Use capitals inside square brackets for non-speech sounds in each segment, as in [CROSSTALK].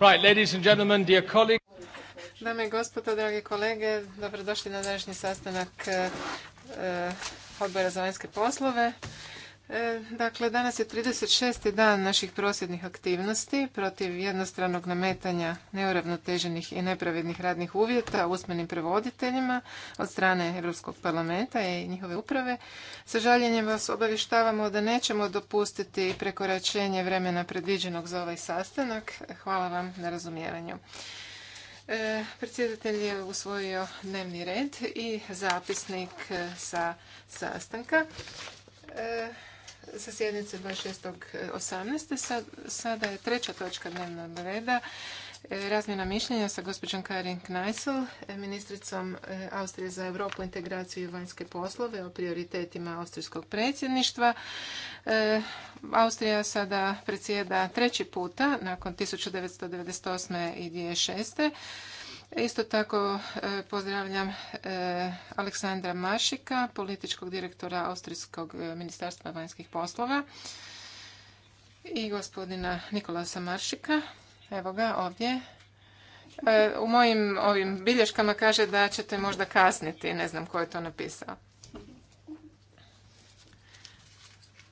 Right, ladies and gentlemen, dear colleagues. Dame i gospodo, dragi kolege, dobrodošli na današnji sastanak eh, eh, Odbora za vanjske poslove. E, dakle, danas je 36. dan naših prosvjednih aktivnosti protiv jednostranog nametanja neuravnoteženih i nepravednih radnih uvjeta usmenim prevoditeljima od strane Europskog parlamenta i njihove uprave. Sa žaljenjem vas obavještavamo da nećemo dopustiti prekoračenje vremena predviđenog za ovaj sastanak. Hvala vam na razumijevanju. E, predsjedatelj je usvojio dnevni red i zapisnik e, sa sastanka sa sjednice 26.18. Sada je treća točka dnevnog reda. E, razmjena mišljenja sa gospođom Karin Kneisel, e, ministricom e, Austrije za Europu, integraciju i vanjske poslove o prioritetima austrijskog predsjedništva. Austrija sada predsjeda treći puta nakon 1998. i 2006 Isto tako e, pozdravljam e, Aleksandra Mašika, političkog direktora Austrijskog e, ministarstva vanjskih poslova i gospodina Nikolasa Maršika. Evo ga ovdje. U mojim ovim bilješkama kaže da ćete možda kasniti, ne znam ko je to napisao.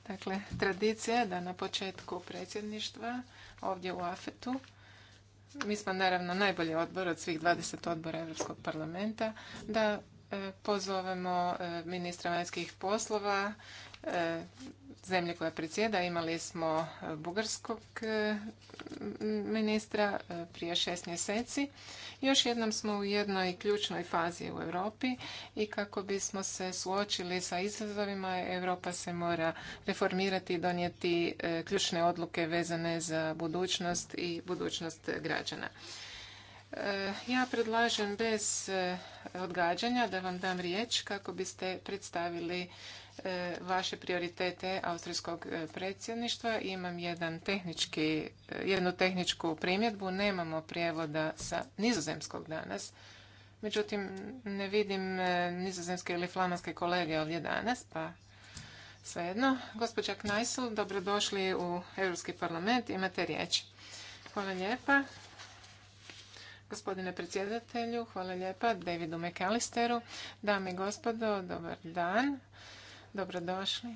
Dakle, tradicija da na početku predsjedništva ovdje u Afetu mi smo naravno najbolji odbor od svih 20 odbora Europskog parlamenta da e, pozovemo e, ministra vanjskih poslova e, zemlje koja predsjeda imali smo e, bugarskog e, ministra e, prije šest mjeseci. Još jednom smo u jednoj ključnoj fazi u Europi i kako bismo se suočili sa izazovima, Europa se mora reformirati i donijeti ključne odluke vezane za budućnost i budućnost građana. Ja predlažem bez odgađanja da vam dam riječ kako biste predstavili E, vaše prioritete austrijskog e, predsjedništva. Imam jedan tehnički, e, jednu tehničku primjedbu. Nemamo prijevoda sa nizozemskog danas. Međutim, ne vidim nizozemske ili flamanske kolege ovdje danas, pa svejedno. Gospođa Knajsel, dobrodošli u Europski parlament. Imate riječ. Hvala lijepa. Gospodine predsjedatelju, hvala lijepa Davidu McAllisteru. Dame i gospodo, dobar dan. Dobrodošli.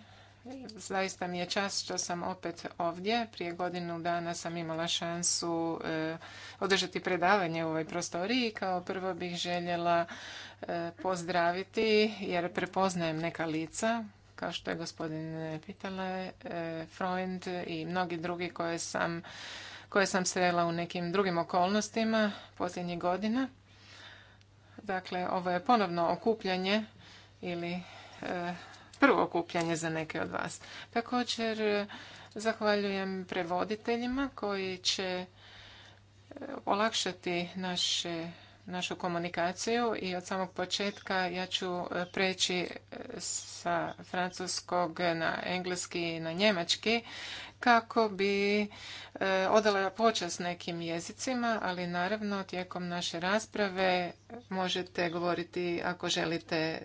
Zaista mi je čast što sam opet ovdje. Prije godinu dana sam imala šansu e, održati predavanje u ovoj prostoriji. Kao prvo bih željela e, pozdraviti jer prepoznajem neka lica kao što je gospodin pitala, e, Freund i mnogi drugi koje sam, koje sam srela u nekim drugim okolnostima posljednjih godina. Dakle, ovo je ponovno okupljanje ili prvo okupljanje za neke od vas. Također zahvaljujem prevoditeljima koji će e, olakšati naše našu komunikaciju i od samog početka ja ću e, preći e, sa francuskog na engleski i na njemački kako bi odala počas nekim jezicima, ali naravno tijekom naše rasprave možete govoriti ako želite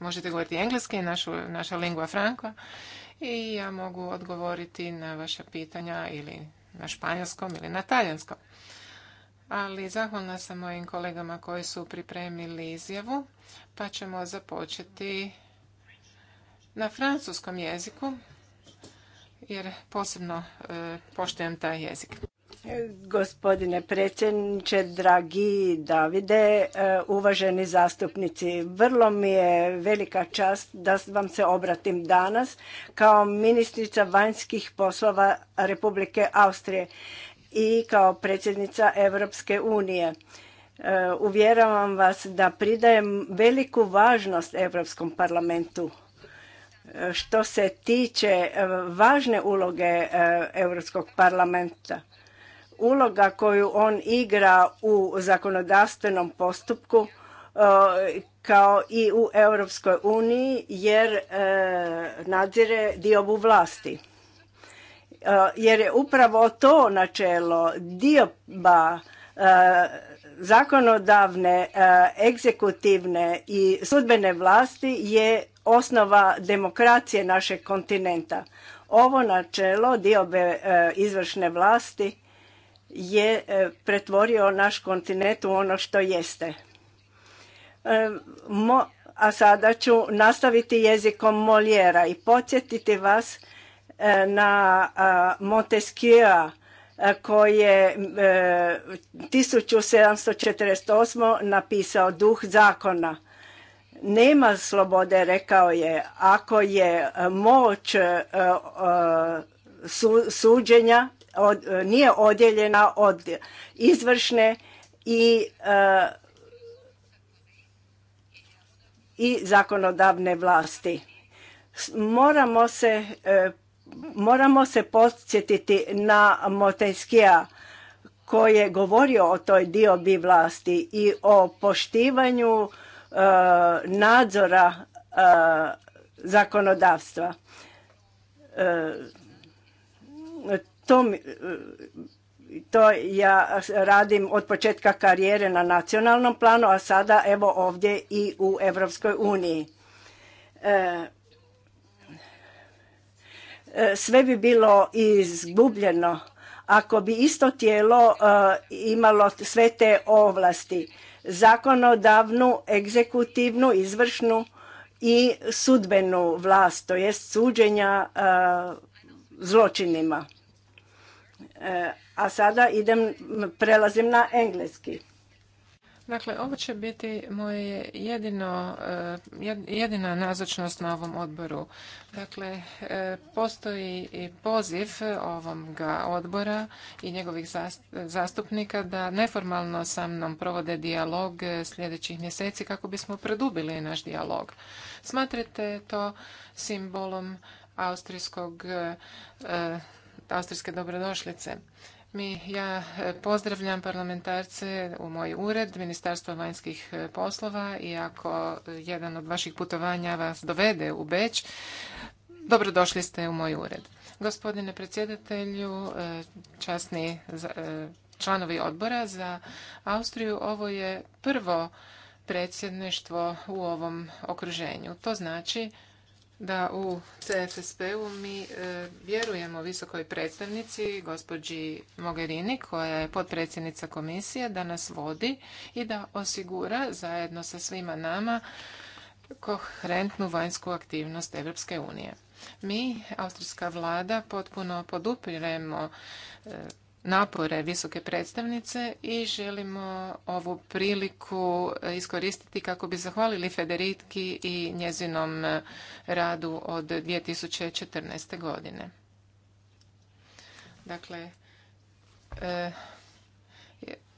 možete govoriti engleski, našu, naša lingua franca i ja mogu odgovoriti na vaša pitanja ili na španjolskom ili na talijanskom. Ali zahvalna sam mojim kolegama koji su pripremili izjavu, pa ćemo započeti na francuskom jeziku jer posebno e, poštujem taj jezik. Gospodine predsjedniče, dragi Davide, e, uvaženi zastupnici, vrlo mi je velika čast da vam se obratim danas kao ministrica vanjskih poslova Republike Austrije i kao predsjednica Europske unije. E, uvjeravam vas da pridajem veliku važnost Europskom parlamentu e, što se tiče važne uloge Europskog parlamenta uloga koju on igra u zakonodavstvenom postupku e, kao i u Europskoj uniji jer e, nadzire diobu vlasti. E, jer je upravo to načelo dioba zakonodavne, egzekutivne i sudbene vlasti je osnova demokracije našeg kontinenta. Ovo načelo diobe izvršne vlasti je e, pretvorio naš kontinent u ono što jeste. E, a sada ću nastaviti jezikom Moljera i podsjetiti vas e, na Montesquieu koji je 1748. napisao duh zakona. Nema slobode, rekao je, ako je moć suđenja E, nije odjeljena od izvršne i e, i zakonodavne vlasti. Moramo se, e, moramo se podsjetiti na Motenskija koji je govorio o toj diobi vlasti i o poštivanju nadzora zakonodavstva. To, e, to ja radim od početka karijere na nacionalnom planu, a sada evo ovdje i u Europskoj uniji. E, e, sve bi bilo izgubljeno ako bi isto tijelo imalo sve te ovlasti, zakonodavnu, egzekutivnu, izvršnu i sudbenu vlast, to jest suđenja zločinima. A sada idem, prelazim na engleski. Dakle, ovo će biti moje jedino, eh, jedina nazočnost na ovom odboru. Dakle, eh, postoji i poziv eh, ovoga odbora i njegovih zastupnika da neformalno sa mnom provode dijalog sljedećih mjeseci kako bismo produbili naš dijalog. Smatrate to simbolom austrijskog austrijske dobrodošlice. Mi, ja e, pozdravljam parlamentarce u moj ured Ministarstvo vanjskih e, poslova i ako e, jedan od vaših putovanja vas dovede u Beč, dobrodošli ste u moj ured. Gospodine predsjedatelju, časni članovi odbora za Austriju, ovo je prvo predsjedništvo u ovom okruženju. To znači da u CFSP-u mi e, vjerujemo visokoj predstavnici gospođi Mogherini koja je potpredsjednica komisije da nas vodi i da osigura zajedno sa svima nama koherentnu vanjsku aktivnost Europske unije. Mi, austrijska vlada, potpuno podupiremo e, napore visoke predstavnice i želimo ovu priliku iskoristiti kako bi zahvalili Federitki i njezinom radu od 2014. godine. Dakle, eh,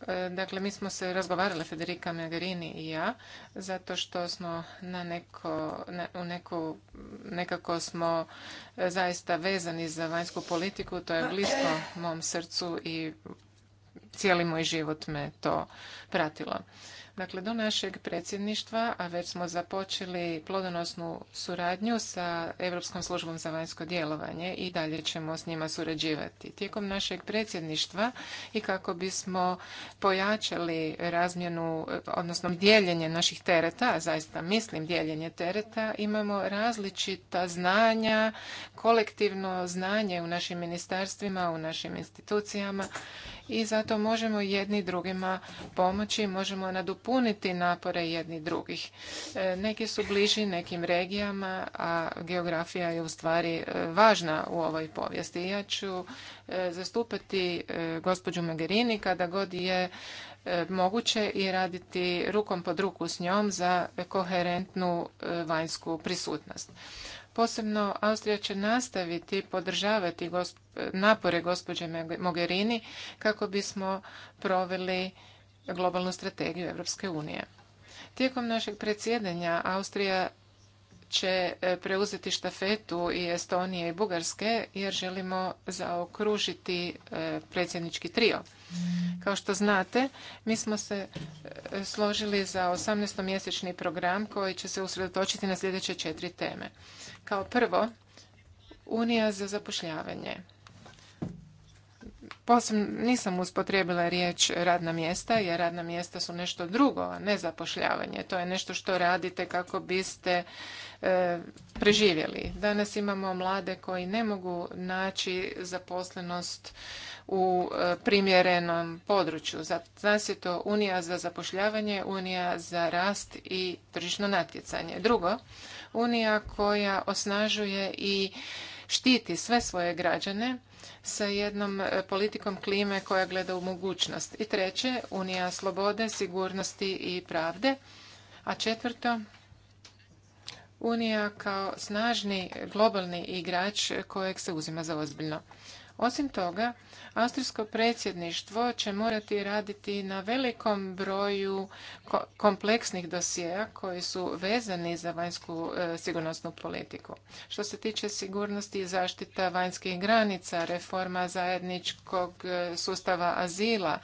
E, dakle, mi smo se razgovarali, Federica Megarini i ja, zato što smo na neko, u neku nekako smo e, zaista vezani za vanjsku politiku, to je blisko mom srcu i cijeli moj život me to pratilo. Dakle, do našeg predsjedništva, a već smo započeli plodonosnu suradnju sa Europskom službom za vanjsko djelovanje i dalje ćemo s njima surađivati. Tijekom našeg predsjedništva i kako bismo pojačali razmjenu, odnosno dijeljenje naših tereta, a zaista mislim dijeljenje tereta, imamo različita znanja, kolektivno znanje u našim ministarstvima, u našim institucijama i zato možemo jedni drugima pomoći, možemo nadopuniti napore jedni drugih. E, neki su bliži nekim regijama, a geografija je u stvari e, važna u ovoj povijesti. Ja ću e, zastupati gospođu Megherini kada god je moguće i raditi rukom pod ruku s njom za koherentnu vanjsku prisutnost. Posebno Austrija će nastaviti podržavati napore gospođe Mogherini kako bismo proveli globalnu strategiju Europske unije. Tijekom našeg predsjedanja Austrija će e, preuzeti štafetu i Estonije i Bugarske jer želimo zaokružiti e, predsjednički trio. Kao što znate, mi smo se e, složili za 18-mjesečni program koji će se usredotočiti na sljedeće četiri teme. Kao prvo, Unija za zapošljavanje. Posebno nisam uspotrijebila riječ radna mjesta, jer radna mjesta su nešto drugo, a ne zapošljavanje. To je nešto što radite kako biste e, preživjeli. Danas imamo mlade koji ne mogu naći zaposlenost u e, primjerenom području. Za je to Unija za zapošljavanje, Unija za rast i tržišno natjecanje. Drugo, Unija koja osnažuje i štiti sve svoje građane, sa jednom e, politikom klime koja gleda u mogućnost. I treće, Unija slobode, sigurnosti i pravde. A četvrto, Unija kao snažni globalni igrač kojeg se uzima za ozbiljno. Osim toga, Austrijsko predsjedništvo će morati raditi na velikom broju kompleksnih dosjea koji su vezani za vanjsku e, sigurnosnu politiku. Što se tiče sigurnosti i zaštita vanjskih granica, reforma zajedničkog e, sustava azila,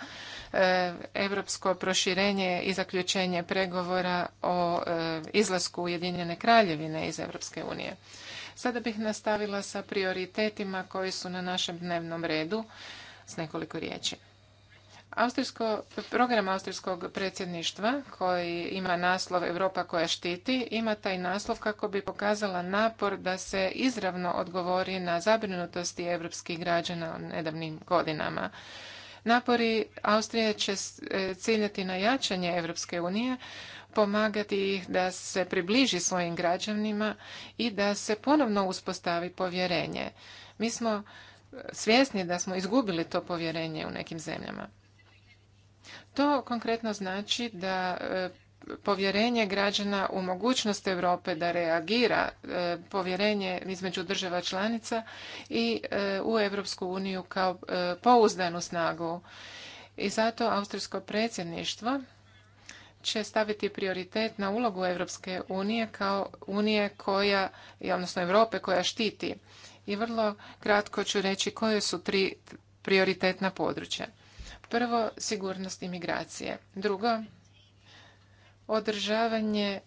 europsko proširenje i zaključenje pregovora o e, izlasku Ujedinjene kraljevine iz Europske unije. Sada bih nastavila sa prioritetima koji su na našem dnevnom redu s nekoliko riječi. Austrijsko, program austrijskog predsjedništva koji ima naslov Europa koja štiti ima taj naslov kako bi pokazala napor da se izravno odgovori na zabrinutosti europskih građana u nedavnim godinama. Napori Austrije će e, ciljati na jačanje Europske unije, pomagati ih da se približi svojim građanima i da se ponovno uspostavi povjerenje. Mi smo svjesni da smo izgubili to povjerenje u nekim zemljama. To konkretno znači da e, povjerenje građana u mogućnost Europe da reagira, e, povjerenje između država članica i e, u Europsku uniju kao pouzdanu snagu. I zato austrijsko predsjedništvo će staviti prioritet na ulogu Europske unije kao unije koja, odnosno Europe koja štiti i vrlo kratko ću reći koje su tri prioritetna područja. Prvo, sigurnost imigracije. Drugo, održavanje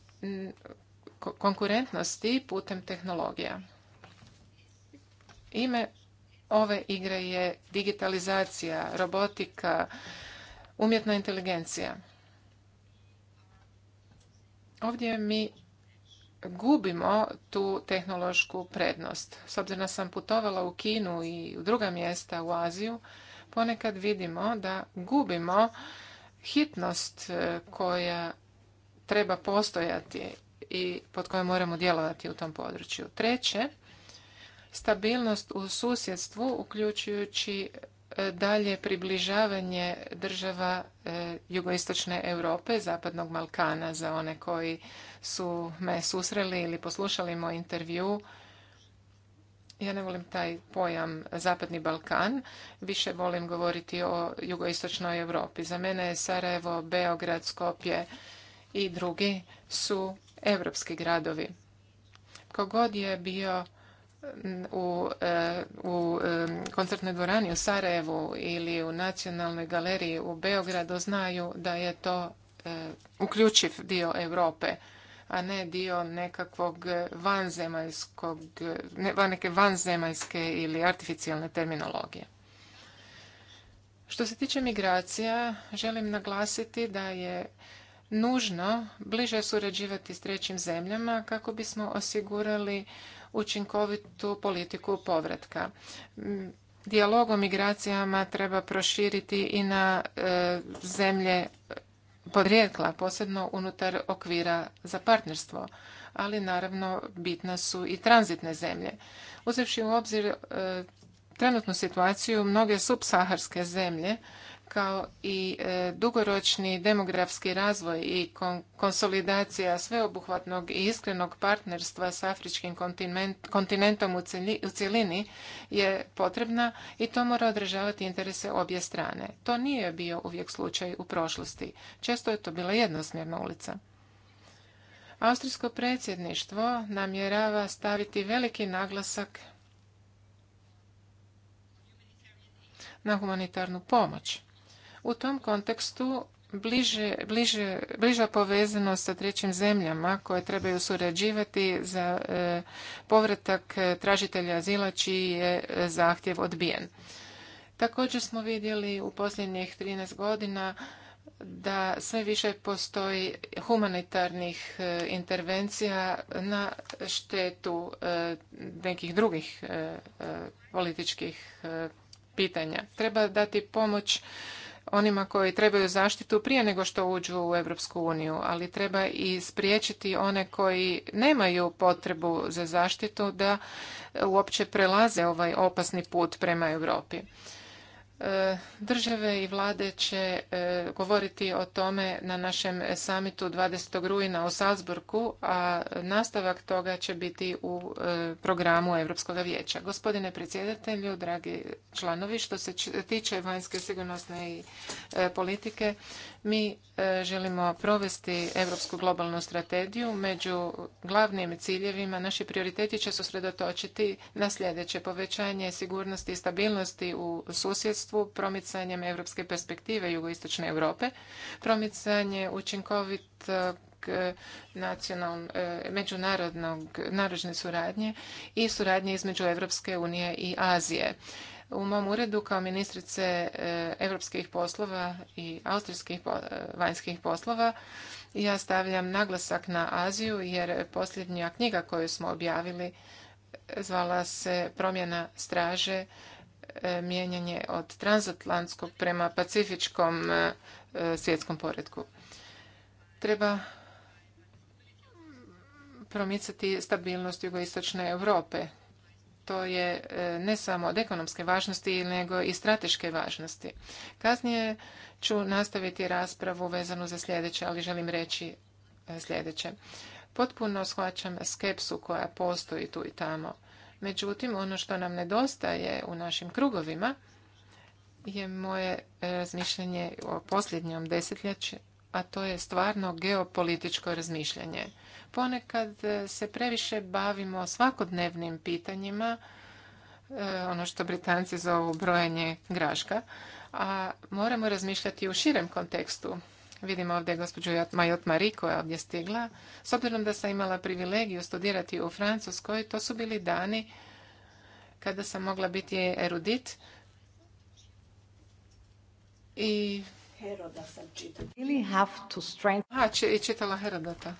konkurentnosti putem tehnologija. Ime ove igre je digitalizacija, robotika, umjetna inteligencija. Ovdje mi gubimo tu tehnološku prednost. S obzirom da sam putovala u Kinu i u druga mjesta u Aziju, ponekad vidimo da gubimo hitnost e, koja treba postojati i pod kojom moramo djelovati u tom području. Treće, stabilnost u susjedstvu uključujući E, dalje približavanje država e, jugoistočne Europe, zapadnog Balkana za one koji su me susreli ili poslušali moj intervju. Ja ne volim taj pojam Zapadni Balkan, više volim govoriti o jugoistočnoj Europi. Za mene je Sarajevo, Beograd, Skopje i drugi su europski gradovi. Kogod je bio u, e, u e, koncertnoj dvorani u Sarajevu ili u nacionalnoj galeriji u Beogradu znaju da je to e, uključiv dio Europe, a ne dio nekakvog vanzemaljskog, neke vanzemaljske ili artificijalne terminologije. Što se tiče migracija, želim naglasiti da je nužno bliže surađivati s trećim zemljama kako bismo osigurali učinkovitu politiku povratka. Mm, dijalog o migracijama treba proširiti i na e, zemlje podrijetla, posebno unutar okvira za partnerstvo, ali naravno bitna su i tranzitne zemlje. Uzevši u obzir e, trenutnu situaciju, mnoge subsaharske zemlje kao i e, dugoročni demografski razvoj i konsolidacija sveobuhvatnog i iskrenog partnerstva s afričkim kontinentom u cjelini je potrebna i to mora odražavati interese obje strane. To nije bio uvijek slučaj u prošlosti. Često je to bila jednosmjerna ulica. Austrijsko predsjedništvo namjerava staviti veliki naglasak na humanitarnu pomoć u tom kontekstu bliže, bliže, bliža povezanost sa trećim zemljama koje trebaju surađivati za e, povratak e, tražitelja azila čiji je e, zahtjev odbijen. Također smo vidjeli u posljednjih 13 godina da sve više postoji humanitarnih intervencija na štetu nekih drugih političkih pitanja. Treba dati pomoć onima koji trebaju zaštitu prije nego što uđu u Europsku uniju, ali treba i spriječiti one koji nemaju potrebu za zaštitu da uopće prelaze ovaj opasni put prema Europi. E, države i vlade će e, govoriti o tome na našem samitu 20. rujna u Salzburgu, a nastavak toga će biti u e, programu Europskog vijeća. Gospodine predsjedatelju, dragi članovi, što se tiče vanjske sigurnosne politike, mi e, želimo provesti Europsku globalnu strategiju. Među glavnim ciljevima naši prioriteti će se usredotočiti na sljedeće povećanje sigurnosti i stabilnosti u susjedstvu, promicanjem europske perspektive jugoistočne Europe, promicanje učinkovit e, e, međunarodne suradnje i suradnje između Europske unije i Azije u mom uredu kao ministrice europskih poslova i austrijskih e, vanjskih poslova ja stavljam naglasak na Aziju jer posljednja knjiga koju smo objavili e, zvala se Promjena straže e, mijenjanje od transatlantskog prema pacifičkom svjetskom poredku. Treba promicati stabilnost jugoistočne Europe to je e, ne samo od ekonomske važnosti, nego i strateške važnosti. Kasnije ću nastaviti raspravu vezanu za sljedeće, ali želim reći e, sljedeće. Potpuno shvaćam skepsu koja postoji tu i tamo. Međutim, ono što nam nedostaje u našim krugovima je moje e, razmišljanje o posljednjom desetljeću, a to je stvarno geopolitičko razmišljanje. Ponekad e, se previše bavimo svakodnevnim pitanjima, e, ono što Britanci zovu brojanje graška, a moramo razmišljati u širem kontekstu. Vidim ovdje gospođu Majot Marie koja je ovdje stigla. S obzirom da sam imala privilegiju studirati u Francuskoj, to su bili dani kada sam mogla biti erudit. I Heroda sam čitala. have to čitala Herodota.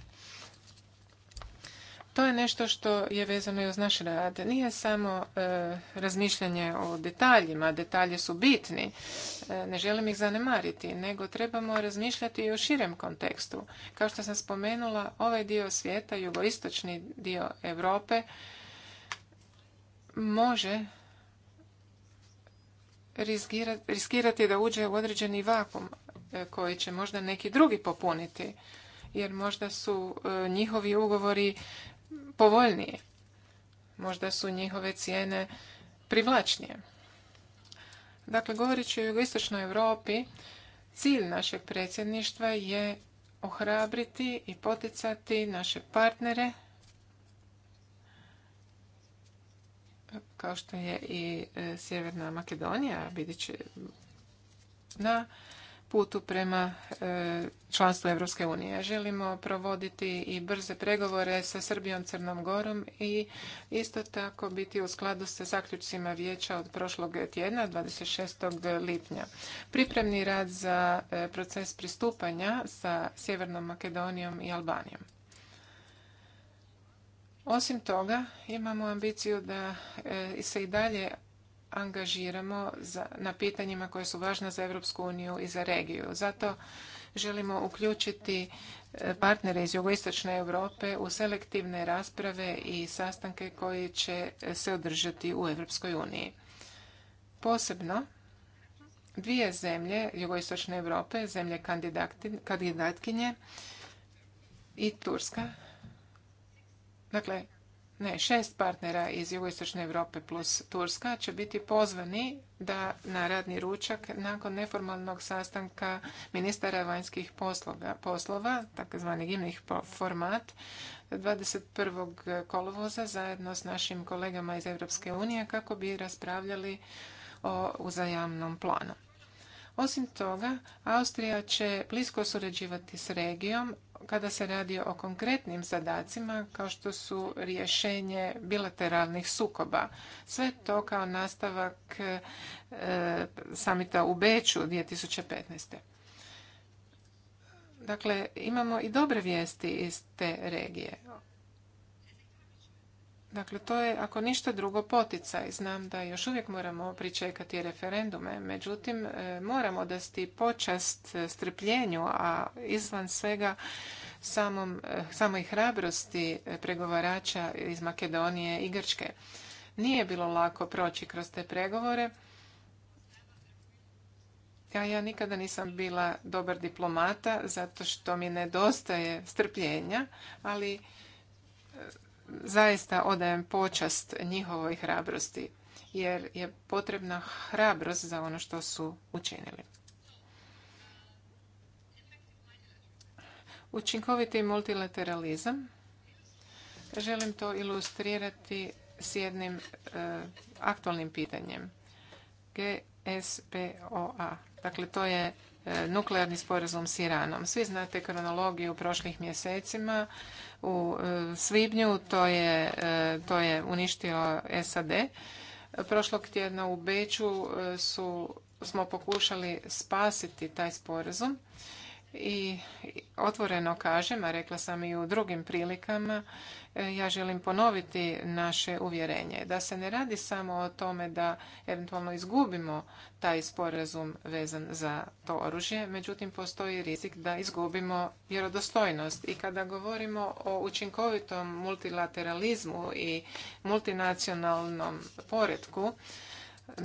To je nešto što je vezano i uz naš rad. Nije samo e, razmišljanje o detaljima, detalje su bitni, e, ne želim ih zanemariti, nego trebamo razmišljati i o širem kontekstu. Kao što sam spomenula, ovaj dio svijeta, jugoistočni dio Europe, može riskirati da uđe u određeni vakum e, koji će možda neki drugi popuniti jer možda su njihovi ugovori povoljnije. Možda su njihove cijene privlačnije. Dakle, govoreći o jugoistočnoj Europi, cilj našeg predsjedništva je ohrabriti i poticati naše partnere kao što je i e, Sjeverna Makedonija, vidit će na putu prema e, članstvu Europske unije. Želimo provoditi i brze pregovore sa Srbijom, Crnom Gorom i isto tako biti u skladu sa zaključcima vijeća od prošlog tjedna, 26. lipnja. Pripremni rad za e, proces pristupanja sa Sjevernom Makedonijom i Albanijom. Osim toga, imamo ambiciju da e, se i dalje angažiramo za, na pitanjima koja su važna za Europsku uniju i za regiju. Zato želimo uključiti e, partnere iz jugoistočne Europe u selektivne rasprave i sastanke koji će se održati u Europskoj uniji. Posebno dvije zemlje jugoistočne Europe, zemlje kandidatkinje i Turska. Dakle, ne, šest partnera iz jugoistočne Europe plus Turska će biti pozvani da na radni ručak nakon neformalnog sastanka ministara vanjskih poslova, poslova takozvani gimnih format, 21. kolovoza zajedno s našim kolegama iz Europske unije kako bi raspravljali o uzajamnom planu. Osim toga, Austrija će blisko surađivati s regijom kada se radi o konkretnim zadacima kao što su rješenje bilateralnih sukoba. Sve to kao nastavak e, samita u Beću 2015. Dakle, imamo i dobre vijesti iz te regije. Dakle, to je ako ništa drugo poticaj. Znam da još uvijek moramo pričekati referendume, međutim e, moramo sti počast e, strpljenju, a izvan svega samom, e, samoj hrabrosti pregovarača iz Makedonije i Grčke. Nije bilo lako proći kroz te pregovore. Ja, ja nikada nisam bila dobar diplomata zato što mi nedostaje strpljenja, ali zaista odajem počast njihovoj hrabrosti jer je potrebna hrabrost za ono što su učinili. Učinkoviti multilateralizam želim to ilustrirati s jednim e, aktualnim pitanjem. GSPOA, dakle to je e, nuklearni sporazum s Iranom. Svi znate kronologiju u prošlih mjesecima u e, svibnju, to je, e, to uništio SAD. Prošlog tjedna u Beću e, su, smo pokušali spasiti taj sporazum i otvoreno kažem, a rekla sam i u drugim prilikama, e, ja želim ponoviti naše uvjerenje da se ne radi samo o tome da eventualno izgubimo taj sporazum vezan za to oružje, međutim postoji rizik da izgubimo vjerodostojnost. I kada govorimo o učinkovitom multilateralizmu i multinacionalnom poretku,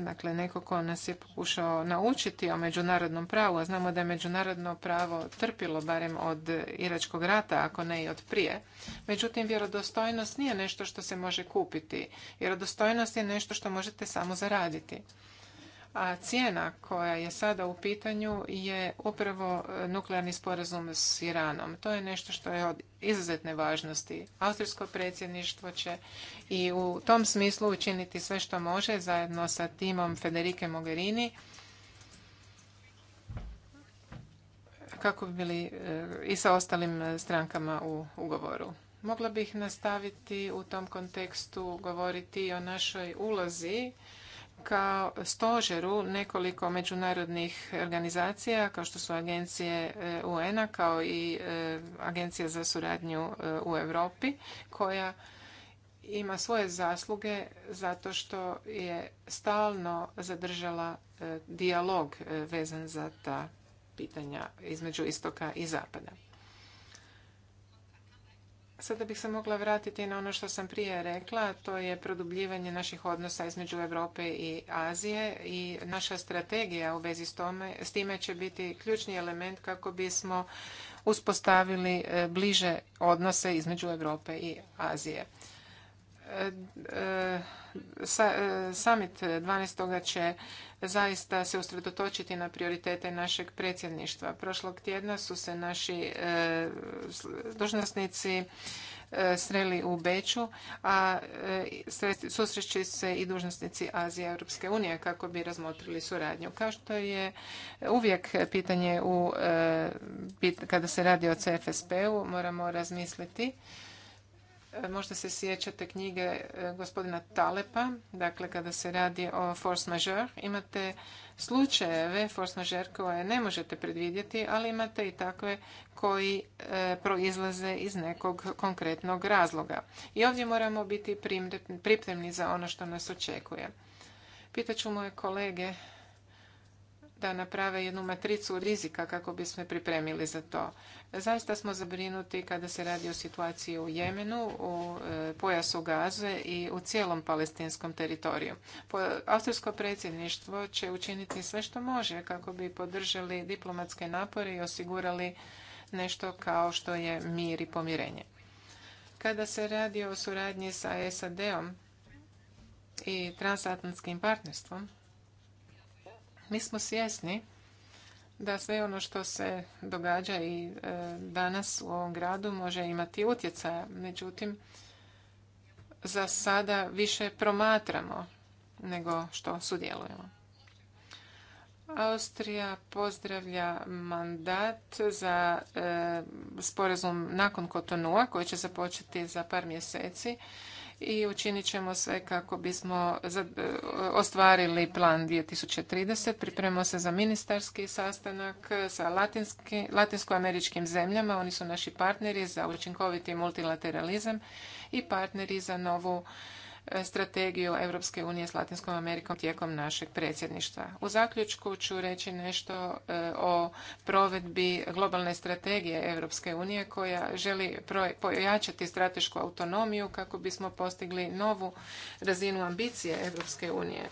dakle neko ko nas je pokušao naučiti o međunarodnom pravu, a znamo da je međunarodno pravo trpilo barem od Iračkog rata, ako ne i od prije. Međutim, vjerodostojnost nije nešto što se može kupiti. Vjerodostojnost je nešto što možete samo zaraditi a cijena koja je sada u pitanju je upravo e, nuklearni sporazum s Iranom. To je nešto što je od izuzetne važnosti. Austrijsko predsjedništvo će i u tom smislu učiniti sve što može zajedno sa timom Federike Mogherini kako bi bili e, i sa ostalim strankama u ugovoru. Mogla bih nastaviti u tom kontekstu govoriti o našoj ulozi kao stožeru nekoliko međunarodnih organizacija kao što su agencije e, UN-a kao i e, agencija za suradnju e, u Europi koja ima svoje zasluge zato što je stalno zadržala dijalog vezan za ta pitanja između istoka i zapada. Sada bih se mogla vratiti na ono što sam prije rekla, to je produbljivanje naših odnosa između Europe i Azije i naša strategija u vezi s, tome, s time će biti ključni element kako bismo uspostavili e, bliže odnose između Europe i Azije. E, summit 12. će zaista se usredotočiti na prioritete našeg predsjedništva. Prošlog tjedna su se naši e, dužnosnici e, sreli u Beću, a susreći se i dužnosnici Azije i Europske unije kako bi razmotrili suradnju. Kao što je uvijek pitanje u, kada se radi o CFSP-u, moramo razmisliti E, možda se sjećate knjige e, gospodina Talepa, dakle kada se radi o force majeure, imate slučajeve force majeure koje ne možete predvidjeti, ali imate i takve koji e, proizlaze iz nekog konkretnog razloga. I ovdje moramo biti pripremni za ono što nas očekuje. Pitaću moje kolege da naprave jednu matricu rizika kako bismo pripremili za to. Zaista smo zabrinuti kada se radi o situaciji u Jemenu, u e, pojasu Gaze i u cijelom palestinskom teritoriju. Austrijsko predsjedništvo će učiniti sve što može kako bi podržali diplomatske napore i osigurali nešto kao što je mir i pomirenje. Kada se radi o suradnji sa SAD-om i transatlantskim partnerstvom, mi smo svjesni da sve ono što se događa i e, danas u ovom gradu može imati utjecaja. Međutim, za sada više promatramo nego što sudjelujemo. Austrija pozdravlja mandat za e, sporazum nakon Kotonua koji će započeti za par mjeseci i učinit ćemo sve kako bismo e, ostvarili plan 2030. Pripremamo se za ministarski sastanak sa latinski, latinskoameričkim zemljama. Oni su naši partneri za učinkoviti multilateralizam i partneri za novu strategiju Europske unije s Latinskom Amerikom tijekom našeg predsjedništva. U zaključku ću reći nešto e, o provedbi globalne strategije Europske unije koja želi pojačati stratešku autonomiju kako bismo postigli novu razinu ambicije Europske unije.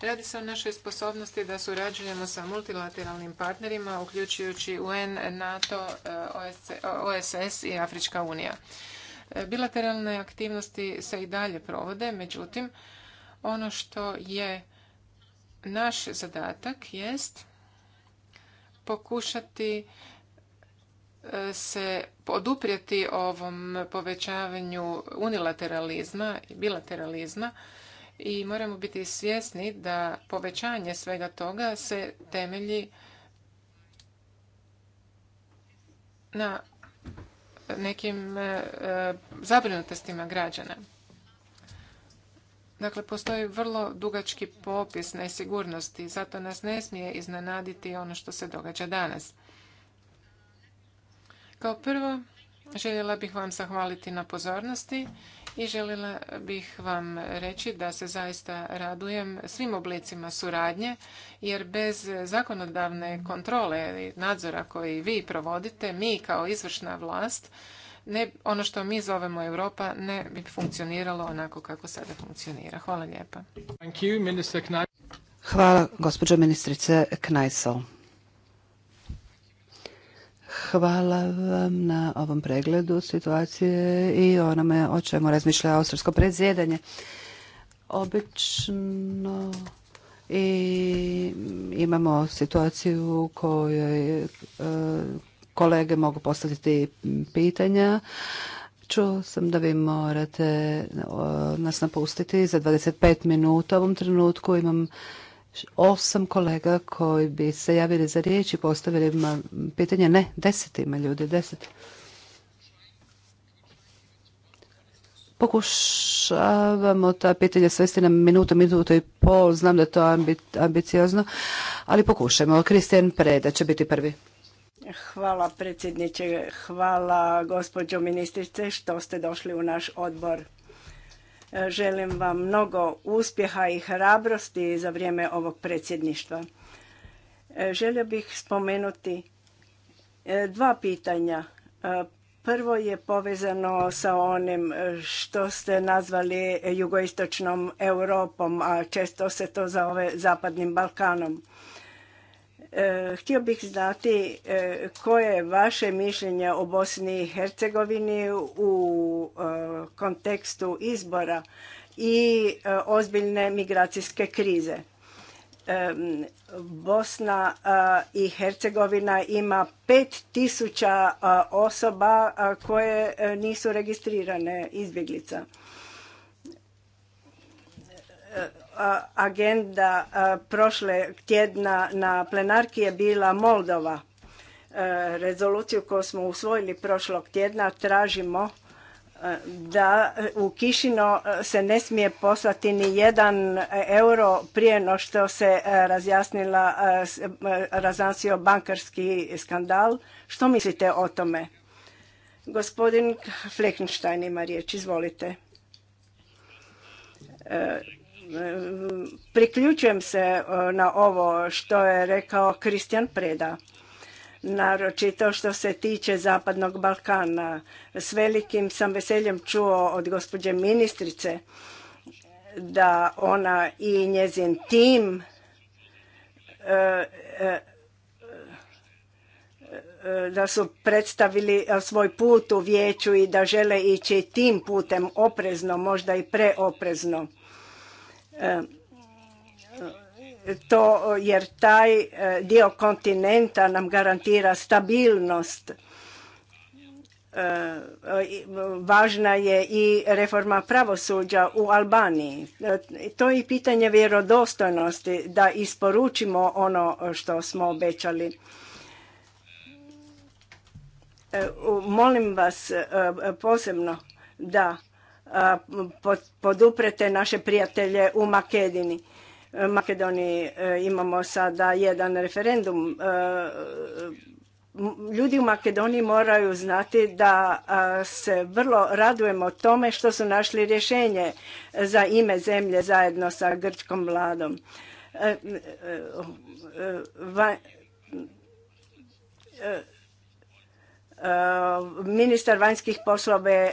Radi se o našoj sposobnosti da surađujemo sa multilateralnim partnerima, uključujući UN, NATO, e, OSS i Afrička unija. Bilateralne aktivnosti se i dalje provode, međutim, ono što je naš zadatak jest pokušati e, se poduprijeti ovom povećavanju unilateralizma i bilateralizma i moramo biti svjesni da povećanje svega toga se temelji na nekim e, e, zabrinutostima građana. Dakle, postoji vrlo dugački popis nesigurnosti, zato nas ne smije iznenaditi ono što se događa danas. Kao prvo, željela bih vam zahvaliti na pozornosti i željela bih vam reći da se zaista radujem svim oblicima suradnje jer bez zakonodavne kontrole i nadzora koji vi provodite, mi kao izvršna vlast, ne, ono što mi zovemo Europa ne bi funkcioniralo onako kako sada funkcionira. Hvala lijepa. Hvala gospođo ministrice Hvala vam na ovom pregledu situacije i onome o čemu razmišlja austrijsko predsjedanje. Obično i imamo situaciju u kojoj e, kolege mogu postaviti pitanja. Čuo sam da vi morate e, nas napustiti za 25 minuta. U ovom trenutku imam osam kolega koji bi se javili za riječ i postavili pitanje. Ne, deset ima ljudi, deset. Pokušavamo ta pitanja svesti na minutu, minutu i pol. Znam da je to ambiciozno, ali pokušajmo. Kristijan Preda će biti prvi. Hvala predsjedniče, hvala gospođo ministrice što ste došli u naš odbor. Želim vam mnogo uspjeha i hrabrosti za vrijeme ovog predsjedništva. Želio bih spomenuti e, dva pitanja. E, prvo je povezano sa onim što ste nazvali jugoistočnom Europom, a često se to zove Zapadnim Balkanom. E, htio bih znati e, koje je vaše mišljenje o Bosni i Hercegovini u e, kontekstu izbora i ozbiljne migracijske krize. Bosna i Hercegovina ima 5000 osoba koje nisu registrirane izbjeglica agenda prošle tjedna na plenarki je bila Moldova. E, rezoluciju koju smo usvojili prošlog tjedna tražimo e, da u Kišino e, se ne smije poslati ni jedan euro prije no što se razjasnila, razansio bankarski skandal. Što mislite o tome? Gospodin Fleckenstein ima riječ, izvolite. Priključujem se e, na ovo što je rekao Kristjan Preda, naročito što se tiče Zapadnog Balkana. S velikim sam veseljem čuo od gospođe ministrice da ona i njezin tim e, e, da su predstavili svoj put u vijeću i da žele ići tim putem oprezno, možda i preoprezno to jer taj e, dio kontinenta nam garantira stabilnost. E, važna je i reforma pravosuđa u Albaniji. E, to je i pitanje vjerodostojnosti da isporučimo ono što smo obećali. Molim vas posebno da poduprete naše prijatelje u Makedini. E, Makedoniji e, imamo sada jedan referendum. E, ljudi u Makedoniji moraju znati da se vrlo radujemo tome što su našli rješenje za ime zemlje zajedno sa grčkom vladom. Ministar vanjskih poslova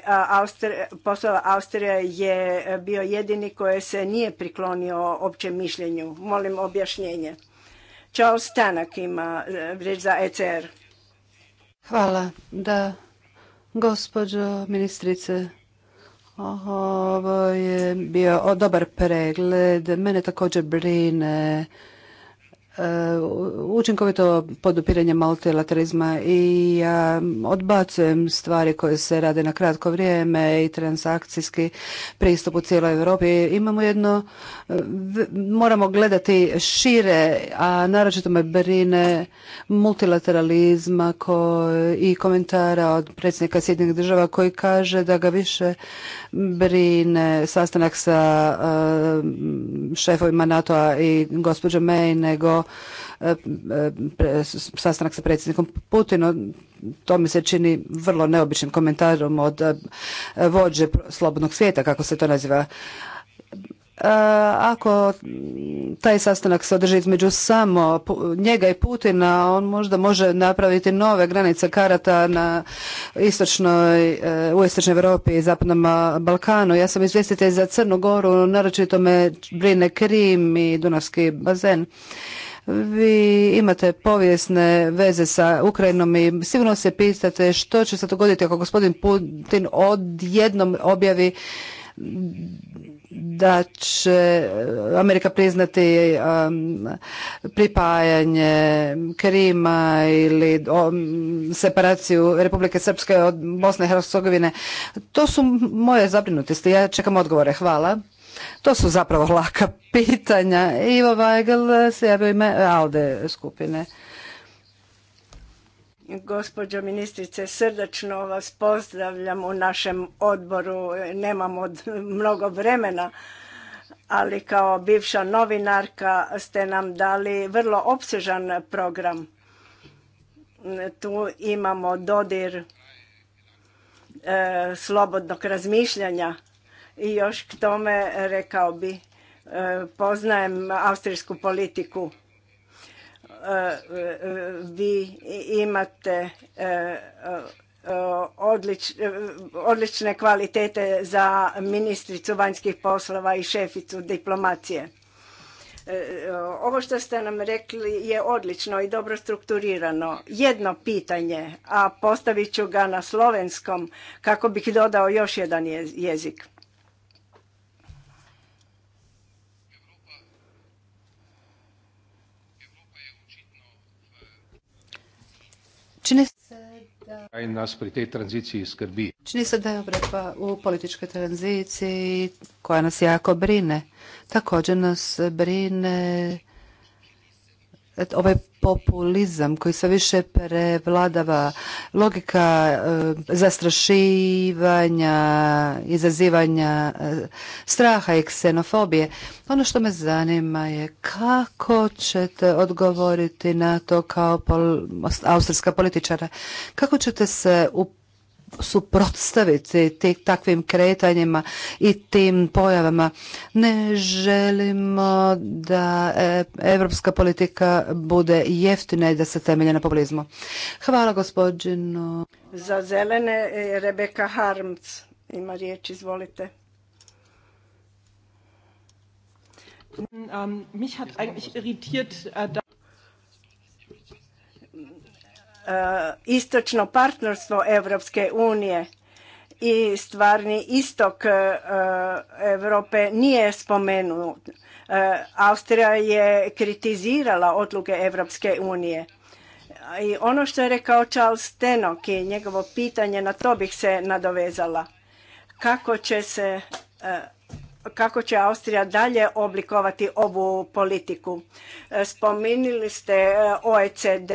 Austrije je bio jedini koji se nije priklonio općem mišljenju. Molim objašnjenje. Charles Tanak ima e, riječ za ECR. Hvala. Da, gospođo ministrice, ovo je bio dobar pregled. Mene također brine E, učinkovito podupiranje multilateralizma i ja odbacujem stvari koje se rade na kratko vrijeme i transakcijski pristup u cijeloj Europi. Imamo jedno, e, moramo gledati šire, a naročito me brine multilateralizma i komentara od predsjednika Sjedinog država koji kaže da ga više brine sastanak sa e, šefovima NATO-a i gospođom May nego E, e, sastanak sa predsjednikom Putinom. To mi se čini vrlo neobičnim komentarom od e, vođe slobodnog svijeta, kako se to naziva. Ako taj sastanak se održi između samo njega i Putina, on možda može napraviti nove granice karata na istočnoj, u istočnoj Europi i zapadnom Balkanu. Ja sam izvjestitelj za Crnu Goru, naročito me brine Krim i Dunavski bazen. Vi imate povijesne veze sa Ukrajinom i sigurno se pitate što će se dogoditi ako gospodin Putin odjednom objavi da će Amerika priznati um, pripajanje Krima ili um, separaciju Republike Srpske od Bosne i Hercegovine. To su moje zabrinutosti. Ja čekam odgovore. Hvala. To su zapravo laka [LAUGHS] pitanja. Ivo Weigel se javio Alde skupine. Gospođo ministrice, srdačno vas pozdravljam u našem odboru. Nemamo mnogo vremena, ali kao bivša novinarka ste nam dali vrlo opsežan program. Tu imamo dodir e, slobodnog razmišljanja i još k tome e, rekao bi, e, poznajem austrijsku politiku. E, vi imate odlične kvalitete za ministricu vanjskih poslova i šeficu diplomacije. Ovo što ste nam rekli je odlično i dobro strukturirano. Jedno pitanje, a postavit ću ga na slovenskom kako bih dodao još jedan jezik. nas pri tej tranziciji skrbi? Čini se da je Evropa u političkoj tranziciji koja nas jako brine. Također nas brine ovaj populizam koji sve više prevladava logika e, zastrašivanja, izazivanja e, straha i ksenofobije. Ono što me zanima je kako ćete odgovoriti na to kao austrijska političara. Kako ćete se u suprotstaviti tih takvim kretanjima i tim pojavama. Ne želimo da e, evropska politika bude jeftina i da se temelje na populizmu. Hvala gospodinu. Za zelene e, Rebeka Harmc ima riječ, izvolite. Um, mich hat eigentlich irritiert, äh, E, istočno partnerstvo Europske unije i stvarni istok Europe nije spomenut. E, Austrija je kritizirala odluke Europske unije. I ono što je rekao Charles Tenok i njegovo pitanje, na to bih se nadovezala. Kako će se e, kako će Austrija dalje oblikovati ovu politiku. Spominili ste OECD,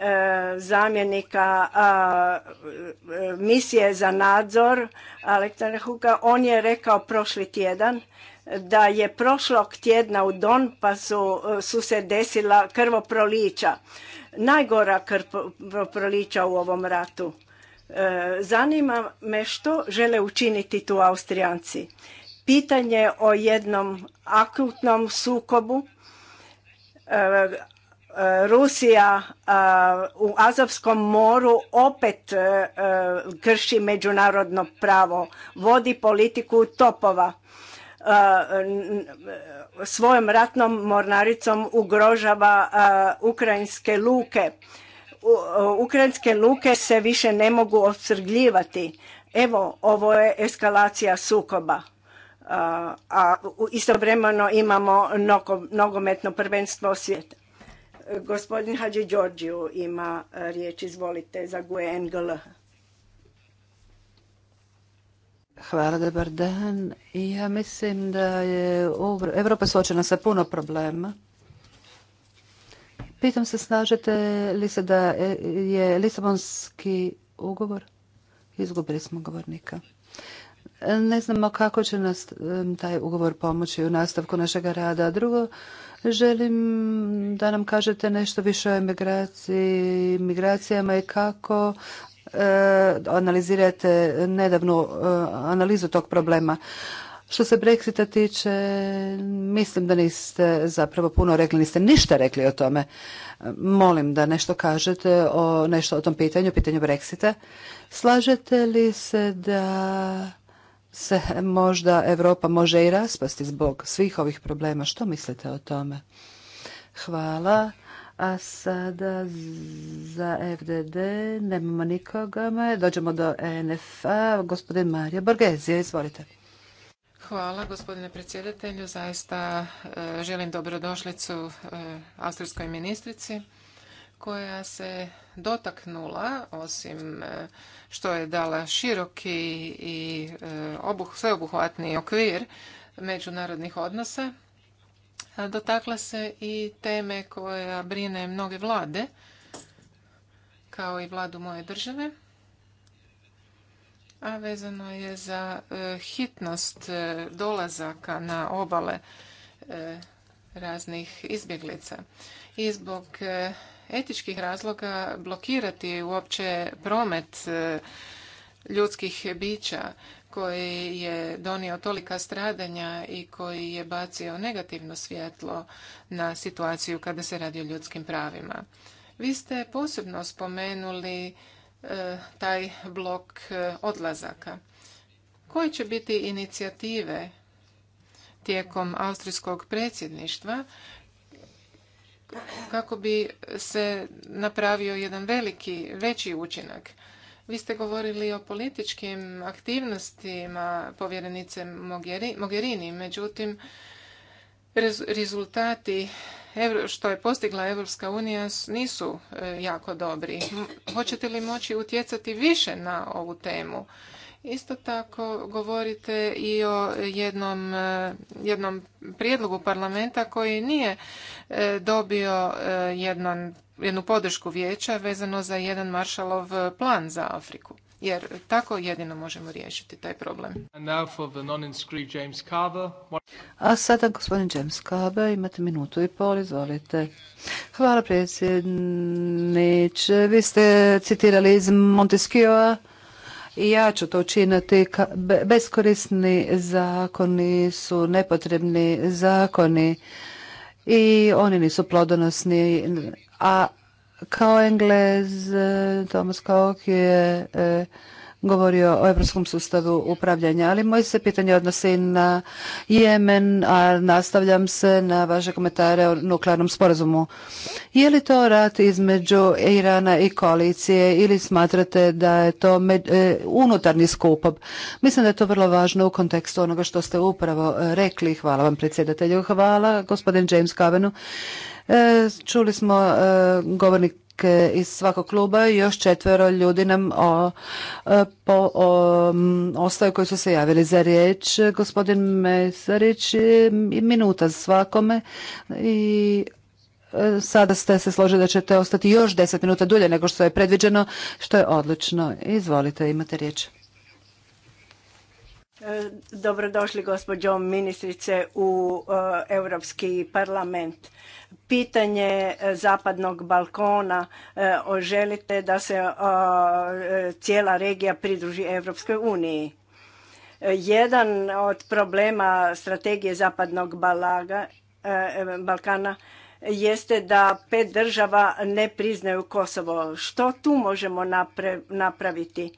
E, zamjenika e, misije za nadzor Aleksandra Huka, on je rekao prošli tjedan da je prošlog tjedna u don pa su, su se desila krvoprolića, najgora krvoprolića u ovom ratu. E, zanima me što žele učiniti tu Austrijanci. Pitanje o jednom akutnom sukobu Rusija u Azovskom moru opet e, krši međunarodno pravo, vodi politiku topova. E, svojom ratnom mornaricom ugrožava e, ukrajinske luke. Ukrajinske luke se više ne mogu opsrgljivati. Evo, ovo je eskalacija sukoba a istovremeno imamo nogometno prvenstvo svijeta. Gospodin Hadži Đorđiju ima e, riječ, izvolite, za GUE NGL. Hvala, dobar dan. Ja mislim da je Europa suočena sa puno problema. Pitam se, snažete li se da e, je Lisabonski ugovor? Izgubili smo govornika. Ne znamo kako će nas taj ugovor pomoći u nastavku našega rada. Drugo, Želim da nam kažete nešto više o emigraciji, migracijama i kako eh, analizirate nedavnu eh, analizu tog problema. Što se Brexita tiče, mislim da niste zapravo puno rekli, niste ništa rekli o tome. Molim da nešto kažete o nešto o tom pitanju, pitanju Brexita. Slažete li se da se možda Europa može i raspasti zbog svih ovih problema. Što mislite o tome? Hvala. A sada za FDD nemamo nikoga. Dođemo do NFA. Gospodin Marija Borgezija, izvolite. Hvala gospodine predsjedatelju. Zaista e, želim dobrodošlicu e, austrijskoj ministrici koja se dotaknula, osim e, što je dala široki i e, sveobuhvatni okvir međunarodnih odnosa, dotakla se i teme koja brine mnoge vlade, kao i vladu moje države, a vezano je za e, hitnost dolazaka na obale raznih izbjeglica. I zbog etičkih razloga blokirati uopće promet e, ljudskih bića koji je donio tolika stradanja i koji je bacio negativno svjetlo na situaciju kada se radi o ljudskim pravima. Vi ste posebno spomenuli e, taj blok e, odlazaka. Koje će biti inicijative tijekom austrijskog predsjedništva kako bi se napravio jedan veliki, veći učinak. Vi ste govorili o političkim aktivnostima povjerenice Mogherini, međutim, rezultati što je postigla Evropska unija nisu e, jako dobri. Hoćete li moći utjecati više na ovu temu? Isto tako govorite i o jednom, e, jednom prijedlogu parlamenta koji nije e, dobio e, jednom jednu podršku vijeća vezano za jedan maršalov plan za Afriku. Jer tako jedino možemo riješiti taj problem. A sada gospodin James Carver, imate minutu i pol, izvolite. Hvala predsjedniče. Vi ste citirali iz Montesquieu i ja ću to učiniti. Beskorisni zakoni su nepotrebni zakoni i oni nisu plodonosni. A kao Englez Thomas Cook je e, govorio o europskom sustavu upravljanja, ali moje se pitanje odnosi na Jemen, a nastavljam se na vaše komentare o nuklearnom sporazumu. Je li to rat između Irana i koalicije ili smatrate da je to e, unutarnji skupob? Mislim da je to vrlo važno u kontekstu onoga što ste upravo e, rekli. Hvala vam predsjedatelju. Hvala gospodin James Cavenu. E, čuli smo govornik E, iz svakog kluba još četvero ljudi nam o, e, po, o, ostaju koji su se javili za riječ. Gospodin Mesarić, e, minuta svakome i sada ste se složili da ćete ostati još deset minuta dulje nego što je predviđeno, što je odlično. Izvolite, imate riječ. E, dobrodošli gospođo ministrice u e, Europski parlament. Pitanje e, zapadnog balkona želite da se cijela regija pridruži Europskoj uniji. Jedan od problema strategije zapadnog Balkana jeste da pet država ne priznaju Kosovo. Što tu možemo napraviti?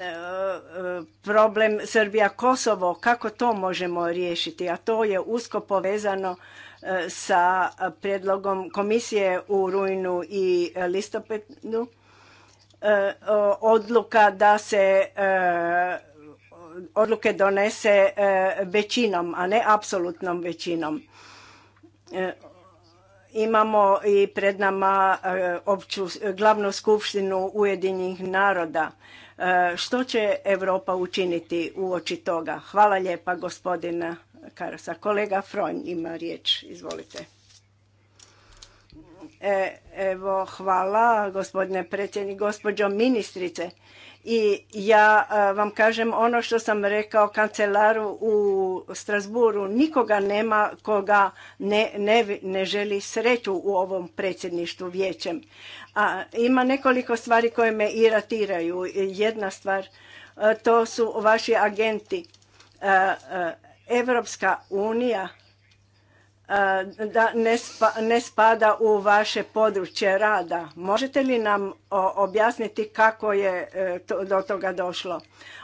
E, problem Srbija-Kosovo, kako to možemo riješiti, a to je usko povezano e, sa predlogom komisije u rujnu i listopadu e, odluka da se odluke donese većinom, a ne apsolutnom većinom. Imamo i pred nama opću glavnu skupštinu Ujedinjenih naroda E, što će Europa učiniti uoči toga? Hvala lijepa gospodina Karasa. Kolega Fron ima riječ, izvolite. E, evo, hvala gospodine predsjednik, gospođo ministrice. I ja e, vam kažem ono što sam rekao kancelaru u Strasburu. Nikoga nema koga ne, ne, ne želi sreću u ovom predsjedništvu vijećem. A ima nekoliko stvari koje me iratiraju. Jedna stvar, e, to su vaši agenti. Evropska unija da ne spada u vaše područje rada. Možete li nam objasniti kako je e, do toga došlo?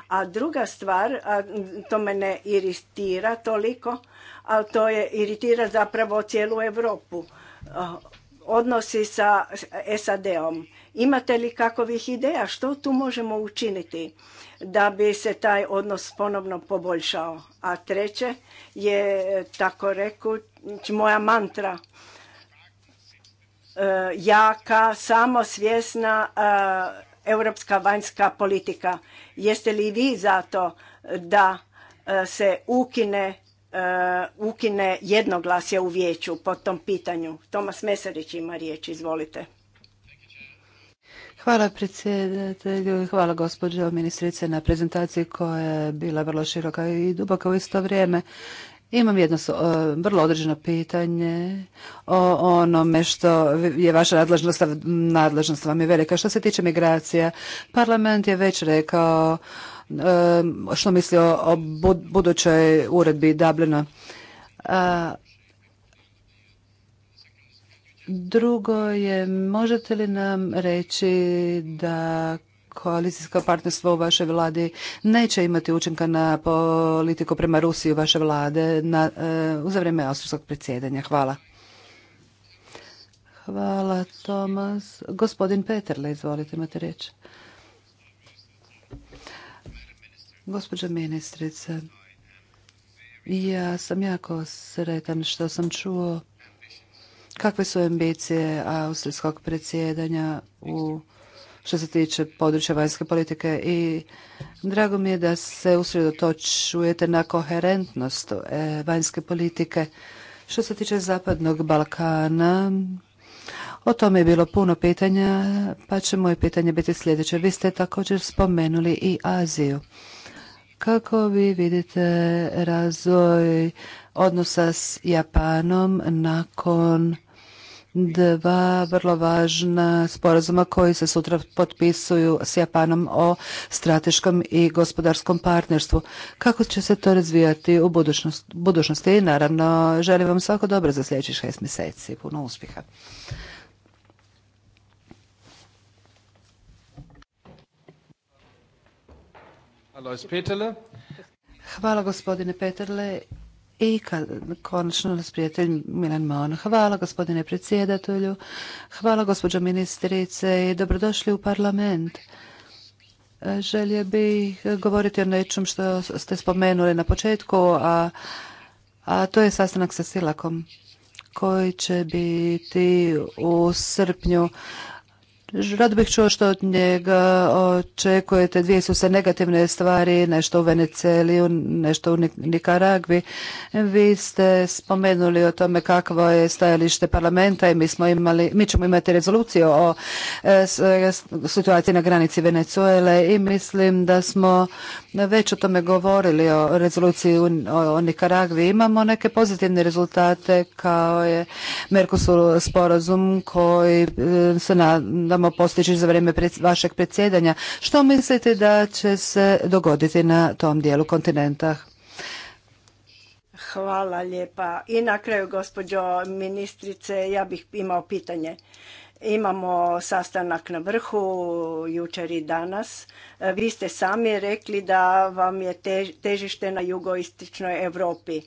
A druga stvar, to me ne iritira toliko, ali to je iritira zapravo cijelu Europu. Odnosi sa SAD-om. Imate li kakovih ideja što tu možemo učiniti? da bi se taj odnos ponovno poboljšao. A treće je, tako reku, znači moja mantra. E, jaka, samosvjesna e, europska vanjska politika. Jeste li vi za to da e, se ukine ukine jednoglasje u vijeću po tom pitanju. Tomas Mesarić ima riječ, izvolite. Hvala predsjedatelju, hvala gospođo ministrice na prezentaciji koja je bila vrlo široka i duboka u isto vrijeme. Imam jedno e, vrlo određeno pitanje o onome što je vaša nadležnost, nadležnost vam je velika. Što se tiče migracija, parlament je već rekao e, što misli o budućoj uredbi Dublina. Drugo je, možete li nam reći da koalicijsko partnerstvo u vašoj vladi neće imati učinka na politiku prema Rusiji vaše vlade na, eh, za vrijeme austrijskog predsjedanja? Hvala. Hvala, Tomas. Gospodin Peterle, izvolite, imate riječ. Gospođo ministrice, ja sam jako sretan što sam čuo Kakve su ambicije austrijskog predsjedanja u što se tiče područja vanjske politike i drago mi je da se usredotočujete na koherentnost e, vanjske politike. Što se tiče Zapadnog Balkana, o tome je bilo puno pitanja, pa će moje pitanje biti sljedeće. Vi ste također spomenuli i Aziju. Kako vi vidite razvoj odnosa s Japanom nakon dva vrlo važna sporazuma koji se sutra potpisuju s Japanom o strateškom i gospodarskom partnerstvu. Kako će se to razvijati u budućnost, budućnosti? Naravno, želim vam svako dobro za sljedeći šest mjeseci. Puno uspjeha. Hvala gospodine Peterle i konačno nas prijatelj Milan Mon. Hvala gospodine predsjedatelju, hvala gospođo ministrice i dobrodošli u parlament. Želio bih govoriti o nečem što ste spomenuli na početku, a, a to je sastanak sa Silakom koji će biti u srpnju. Rado bih čuo što od njega očekujete. Dvije su se negativne stvari, nešto u Veneceliju, nešto u Nikaragvi. Vi ste spomenuli o tome kakvo je stajalište parlamenta i mi, smo imali, mi ćemo imati rezoluciju o e, e, situaciji na granici Venezuele i mislim da smo već o tome govorili o rezoluciji o, Nikaragvi. Imamo neke pozitivne rezultate kao je Mercosur sporazum koji e, se na nadamo postići za vrijeme vašeg predsjedanja. Što mislite da će se dogoditi na tom dijelu kontinenta? Hvala lijepa. I na kraju, gospođo ministrice, ja bih imao pitanje. Imamo sastanak na vrhu jučer i danas. Vi ste sami rekli da vam je težište na jugoističnoj Europi. E,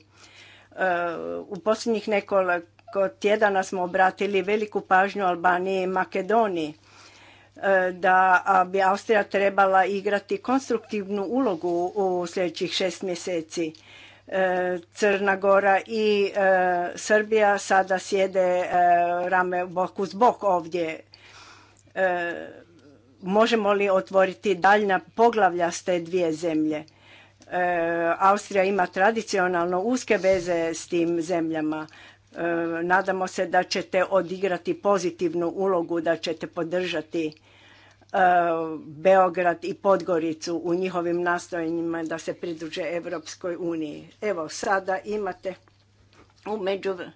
u posljednjih nekoliko kod tjedana smo obratili veliku pažnju Albaniji i Makedoniji e, da bi Austrija trebala igrati konstruktivnu ulogu u sljedećih šest mjeseci. E, Crna Gora i e, Srbija sada sjede rame bok uz bok ovdje. Možemo li otvoriti daljna poglavlja s te dvije zemlje? Austrija ima tradicionalno uske veze s tim zemljama. E, nadamo se da ćete odigrati pozitivnu ulogu, da ćete podržati e, Beograd i Podgoricu u njihovim nastojanjima da se pridruže Europskoj uniji. Evo, sada imate u među... E,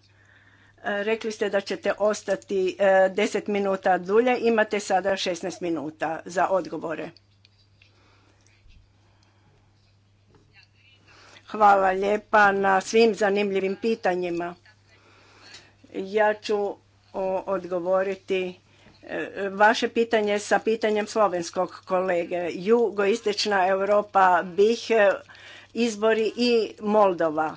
rekli ste da ćete ostati 10 minuta dulje, imate sada 16 minuta za odgovore. Hvala lijepa na svim zanimljivim pitanjima. Ja ću odgovoriti e, vaše pitanje sa pitanjem slovenskog kolege. Jugoistočna Europa, BiH, e, izbori i Moldova.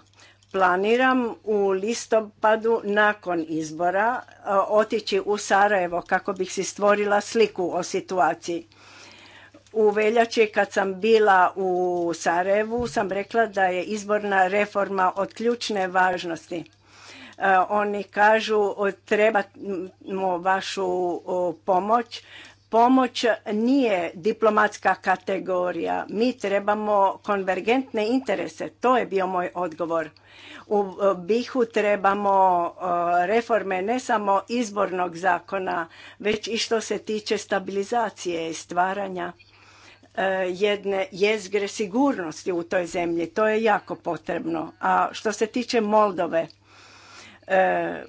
Planiram u listopadu nakon izbora e, otići u Sarajevo kako bih si stvorila sliku o situaciji. U veljači kad sam bila u Sarajevu sam rekla da je izborna reforma od ključne važnosti E, oni kažu trebamo vašu pomoć. Pomoć nije diplomatska kategorija. Mi trebamo konvergentne interese. To je bio moj odgovor. U Bihu trebamo reforme ne samo izbornog zakona, već i što se tiče stabilizacije i stvaranja e, jedne jezgre sigurnosti u toj zemlji. To je jako potrebno. A što se tiče Moldove, E,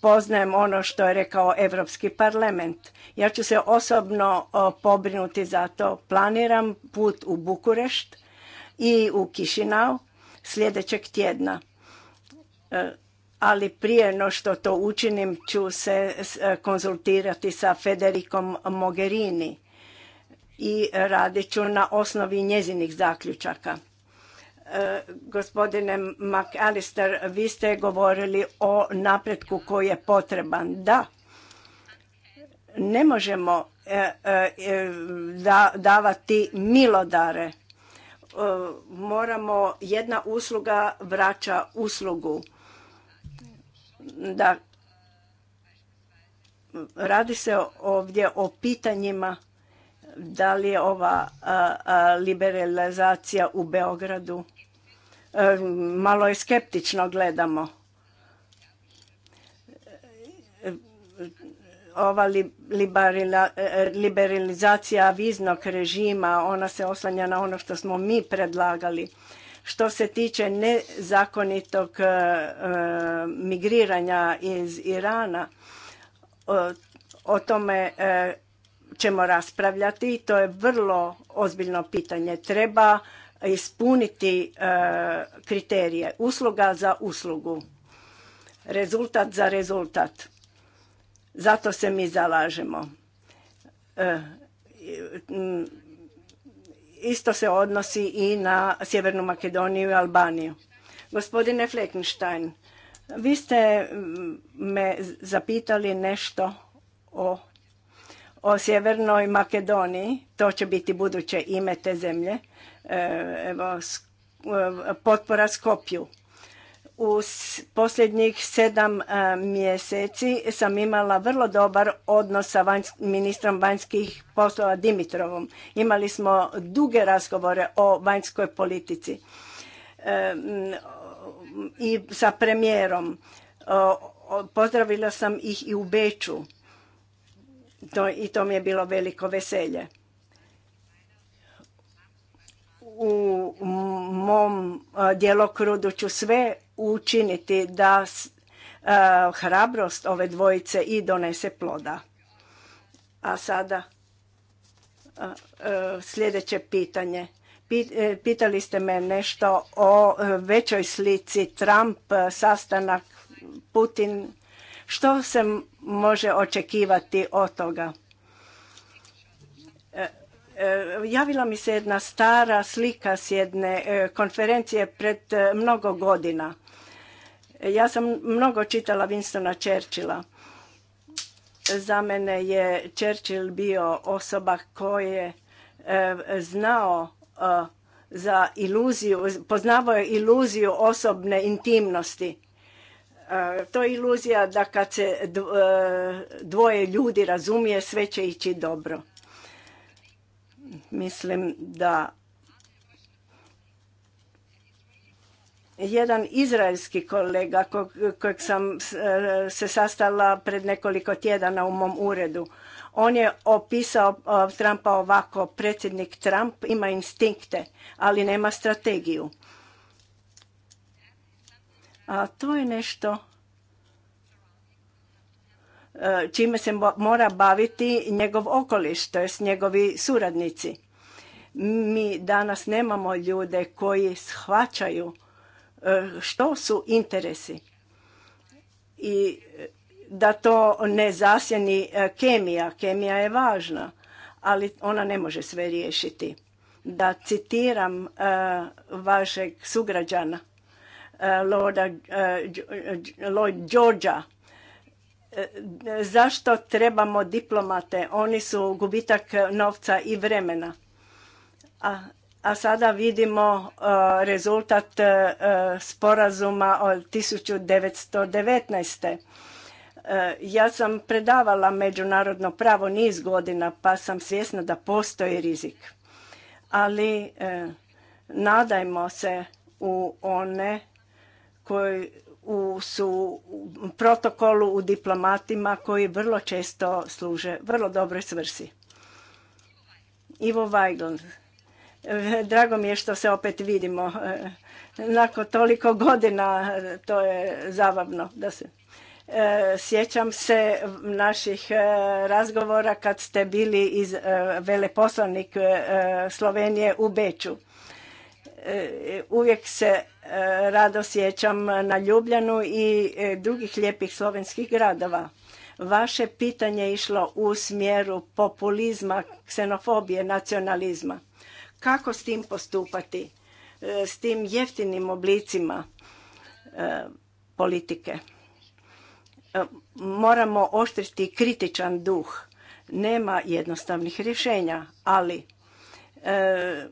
poznajem ono što je rekao Europski parlament. Ja ću se osobno pobrinuti za to. Planiram put u Bukurešt i u Kišinau sljedećeg tjedna. E, ali prije no što to učinim ću se e, konzultirati sa Federikom Mogherini i radit ću na osnovi njezinih zaključaka. Gospodine McAllister, vi ste govorili o napretku koji je potreban. Da, ne možemo e, e, e, davati milodare. Moramo, jedna usluga vraća uslugu. Da, radi se ovdje o pitanjima da li je ova liberalizacija u Beogradu E, malo je skeptično gledamo. E, ova e, liberalizacija viznog režima, ona se oslanja na ono što smo mi predlagali. Što se tiče nezakonitog migriranja iz Irana, o tome ćemo raspravljati. To je vrlo ozbiljno pitanje. Treba ispuniti e, kriterije usluga za uslugu rezultat za rezultat zato se mi zalažemo e, isto se odnosi i na Sjevernu Makedoniju i Albaniju gospodine Fleckenstein vi ste me zapitali nešto o o Sjevernoj Makedoniji, to će biti buduće ime te zemlje, e, evo, e, potpora Skopju. U posljednjih sedam e, mjeseci sam imala vrlo dobar odnos sa ministrom vanjskih poslova Dimitrovom. Imali smo duge razgovore o vanjskoj politici i sa premijerom. pozdravila sam ih i u Beču to, I to mi je bilo veliko veselje. U mom djelokrudu ću sve učiniti da hrabrost ove dvojice i donese ploda. A sada uh, sljedeće pitanje. E, pitali ste me nešto o e, većoj slici Trump, sastanak Putin. Što sam može očekivati od toga. E, e, javila mi se jedna stara slika s jedne e, konferencije pred mnogo godina. Ja sam mnogo čitala Winstona Churchilla. Za mene je Churchill bio osoba je znao za iluziju, poznavao je iluziju osobne intimnosti Eh, to je iluzija da kad se eh, dvoje ljudi razumije sve će ići dobro. Mislim da jedan izraelski kolega kojeg sam eh, se sastala pred nekoliko tjedana u mom uredu. On je opisao Trumpa ovako, predsjednik Trump ima instinkte, ali nema strategiju. A to je nešto e, čime se mora baviti njegov okoliš, to jest njegovi suradnici. Mi danas nemamo ljude koji shvaćaju e, što su interesi i da to ne zasjeni e, kemija. Kemija je važna, ali ona ne može sve riješiti. Da citiram vašeg sugrađana, Eh, Lorda, eh, eh, Lloyd Georgia. Zašto trebamo diplomate? Oni su gubitak novca i vremena. A, a sada vidimo rezultat sporazuma od 1919. Ja sam predavala međunarodno pravo niz godina, pa sam svjesna da postoji rizik. Ali nadajmo se u one koji u, su u protokolu u diplomatima koji vrlo često služe vrlo dobroj svrsi. Ivo Weigl, drago mi je što se opet vidimo. Nakon toliko godina to je zabavno da se... E, sjećam se naših e, razgovora kad ste bili iz e, veleposlanik Slovenije u Beču. E, uvijek se e, rado sjećam na Ljubljanu i e, drugih lijepih slovenskih gradova. Vaše pitanje je išlo u smjeru populizma, ksenofobije, nacionalizma. Kako s tim postupati? S tim jeftinim oblicima politike. Moramo oštriti kritičan duh. Nema jednostavnih rješenja, ali E,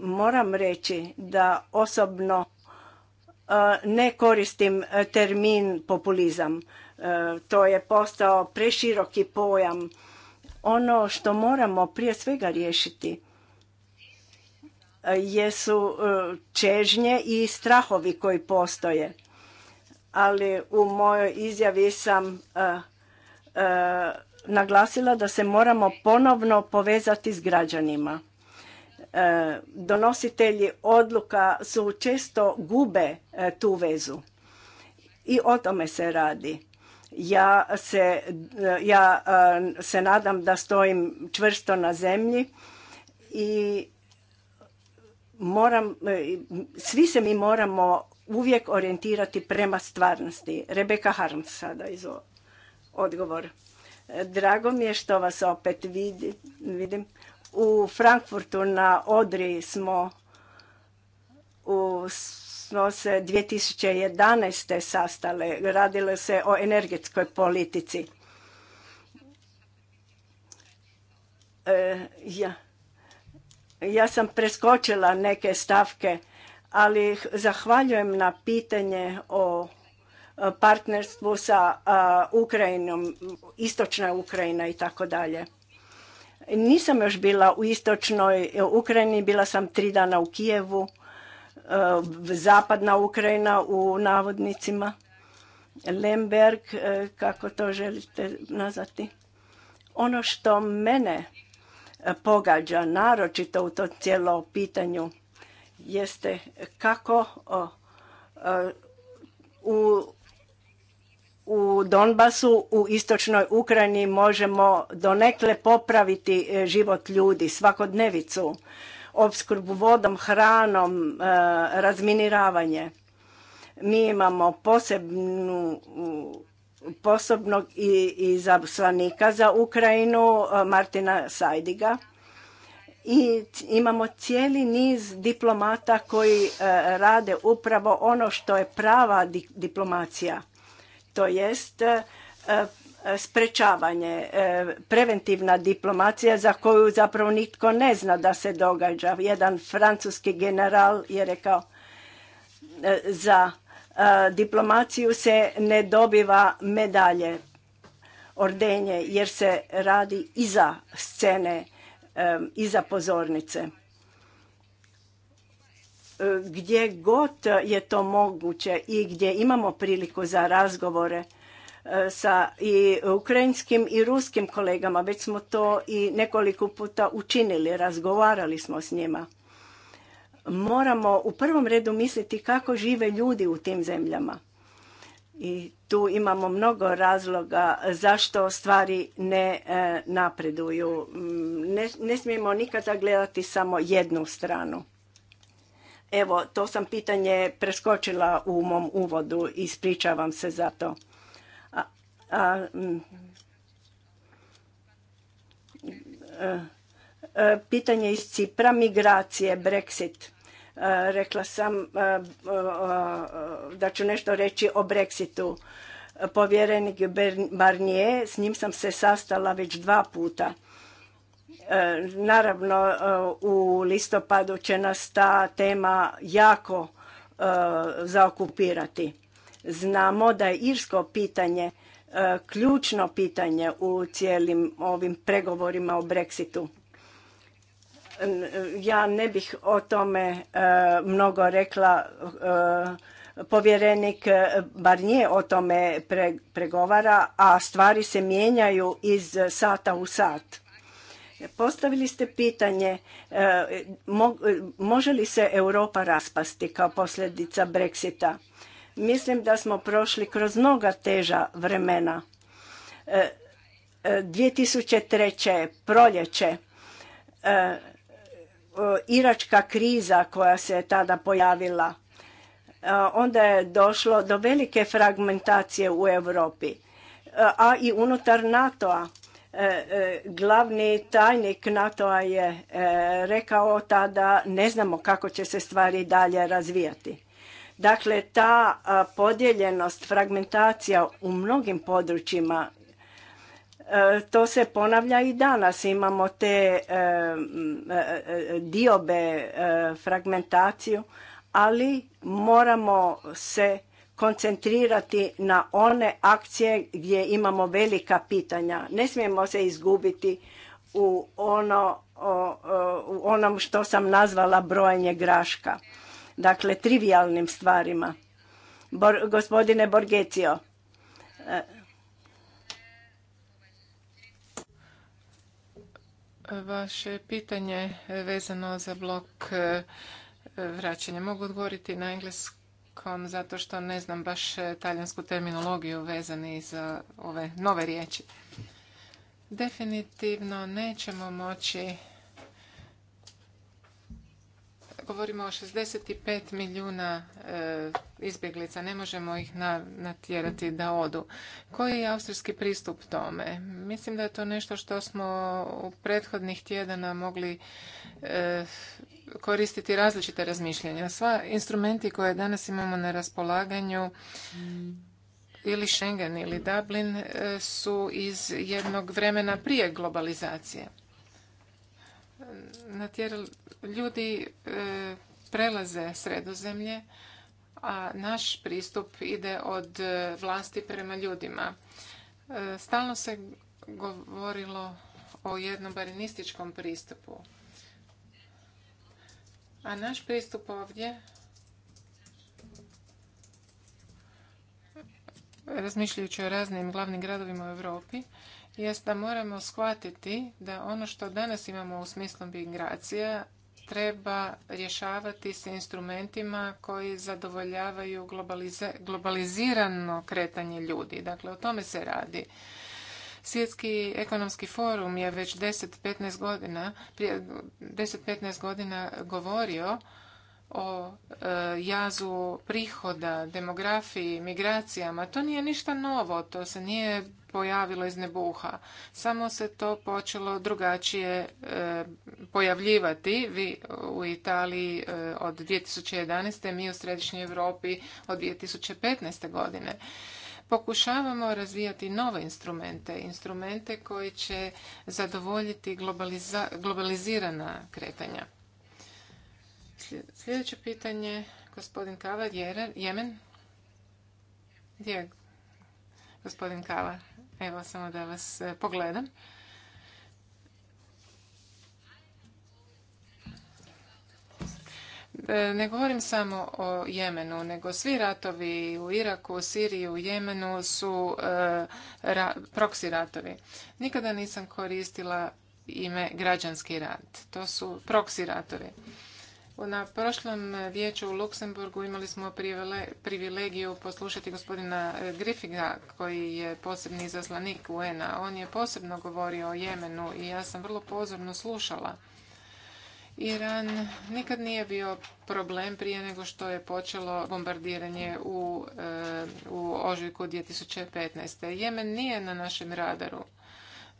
moram reći da osobno e, ne koristim termin populizam. E, to je postao preširoki pojam. Ono što moramo prije svega riješiti jesu čežnje i strahovi koji postoje. Ali u mojoj izjavi sam naglasila da se moramo ponovno povezati s građanima E, donositelji odluka su često gube e, tu vezu. I o tome se radi. Ja se, e, ja se nadam da stojim čvrsto na zemlji i moram, svi se mi moramo uvijek orijentirati prema stvarnosti. Rebeka Harms sada iz odgovor. Drago mi je što vas opet vidim. U Frankfurtu na Odri smo u smo se 2011. sastale, radilo se o energetskoj politici. E, ja, ja sam preskočila neke stavke, ali zahvaljujem na pitanje o e, partnerstvu sa Ukrajinom, istočna Ukrajina i tako dalje. Nisam još bila u istočnoj e, Ukrajini, bila sam tri dana u Kijevu, e, zapadna Ukrajina u navodnicima, Lemberg, e, kako to želite nazvati. Ono što mene pogađa, naročito u to cijelo pitanju, jeste kako u u Donbasu, u istočnoj Ukrajini možemo donekle popraviti e, život ljudi, svakodnevicu, opskrbu vodom, hranom, e, razminiravanje. Mi imamo posebnu posebnog izaslanika za Ukrajinu e, Martina Sajdiga i imamo cijeli niz diplomata koji rade upravo ono što je prava diplomacija to jest e, e, sprečavanje, e, preventivna diplomacija za koju zapravo nitko ne zna da se događa. Jedan francuski general je rekao za diplomaciju se ne dobiva medalje, ordenje jer se radi iza scene, iza pozornice. E, gdje god je to moguće i gdje imamo priliku za razgovore e, sa i ukrajinskim i ruskim kolegama, već smo to i nekoliko puta učinili, razgovarali smo s njima. Moramo u prvom redu misliti kako žive ljudi u tim zemljama. I tu imamo mnogo razloga zašto stvari ne e, napreduju. Mm, ne, smijemo nikada gledati samo jednu stranu. Evo, to sam pitanje preskočila u mom uvodu, ispričavam se za to. Mm, e, e, pitanje iz Cipra, migracije, Brexit. E, rekla sam da ću nešto reći o Brexitu. Povjerenik Barnier, s njim sam se sastala već dva puta E, naravno, e, u listopadu će nas ta tema jako e, zaokupirati. Znamo da je irsko pitanje ključno pitanje u cijelim ovim pregovorima o Brexitu. Ja ne bih o tome mnogo rekla. Povjerenik bar nije o tome pregovara, a stvari se mijenjaju iz sata u sat Postavili ste pitanje e, može li se Europa raspasti kao posljedica Brexita. Mislim da smo prošli kroz mnoga teža vremena. 2003. E, e, proljeće, iračka kriza koja se tada pojavila, onda je došlo do velike fragmentacije u Europi, a i unutar NATO-a E, e, glavni tajnik NATO-a je e, rekao tada ne znamo kako će se stvari dalje razvijati. Dakle, ta podijeljenost, fragmentacija u mnogim područjima, to se ponavlja i danas. Imamo te diobe, fragmentaciju, ali moramo se koncentrirati na one akcije gdje imamo velika pitanja. Ne smijemo se izgubiti u, ono, u onom što sam nazvala brojanje graška. Dakle, trivialnim stvarima. gospodine Borgecio. E, vaše pitanje vezano za blok e, vraćanja. Mogu odgovoriti na englesku? kom zato što ne znam baš e, talijansku terminologiju vezani za ove nove riječi. Definitivno nećemo moći govorimo o 65 milijuna e, izbjeglica, ne možemo ih natjerati da odu. Koji je austrijski pristup tome? Mislim da je to nešto što smo u prethodnih tjedana mogli e, koristiti različite razmišljanja. Sva instrumenti koje danas imamo na raspolaganju ili Schengen ili Dublin e, su iz jednog vremena prije globalizacije. Ljudi e, prelaze sredozemlje, a naš pristup ide od e, vlasti prema ljudima. Stalno se govorilo o jednom barinističkom pristupu a naš pristup ovdje razmišljajući o raznim glavnim gradovima u Europi jest da moramo shvatiti da ono što danas imamo u smislu migracija treba rješavati s instrumentima koji zadovoljavaju globalizirano kretanje ljudi. Dakle, o tome se radi. Svjetski ekonomski forum je već 10-15 godina, prije 10-15 godina govorio o e, jazu prihoda, demografiji, migracijama. To nije ništa novo, to se nije pojavilo iz nebuha. Samo se to počelo drugačije e, pojavljivati. Vi u Italiji e, od 2011. mi u Središnjoj Europi od 2015. godine pokušavamo razvijati nove instrumente, instrumente koji će zadovoljiti globalizirana kretanja. Sljedeće pitanje, gospodin Kava, Jemen. Gdje je gospodin Kava? Evo, samo da vas eh, pogledam. E, ne govorim samo o Jemenu, nego svi ratovi u Iraku, u Siriji, u Jemenu su e, ra, ratovi. Nikada nisam koristila ime građanski rat. To su proksi ratovi. Na prošlom vijeću u Luksemburgu imali smo privilegiju poslušati gospodina e, Griffiga koji je posebni izaslanik UN-a. On je posebno govorio o Jemenu i ja sam vrlo pozorno slušala Iran nikad nije bio problem prije nego što je počelo bombardiranje u, eh, u ožujku 2015. Jemen nije na našem radaru.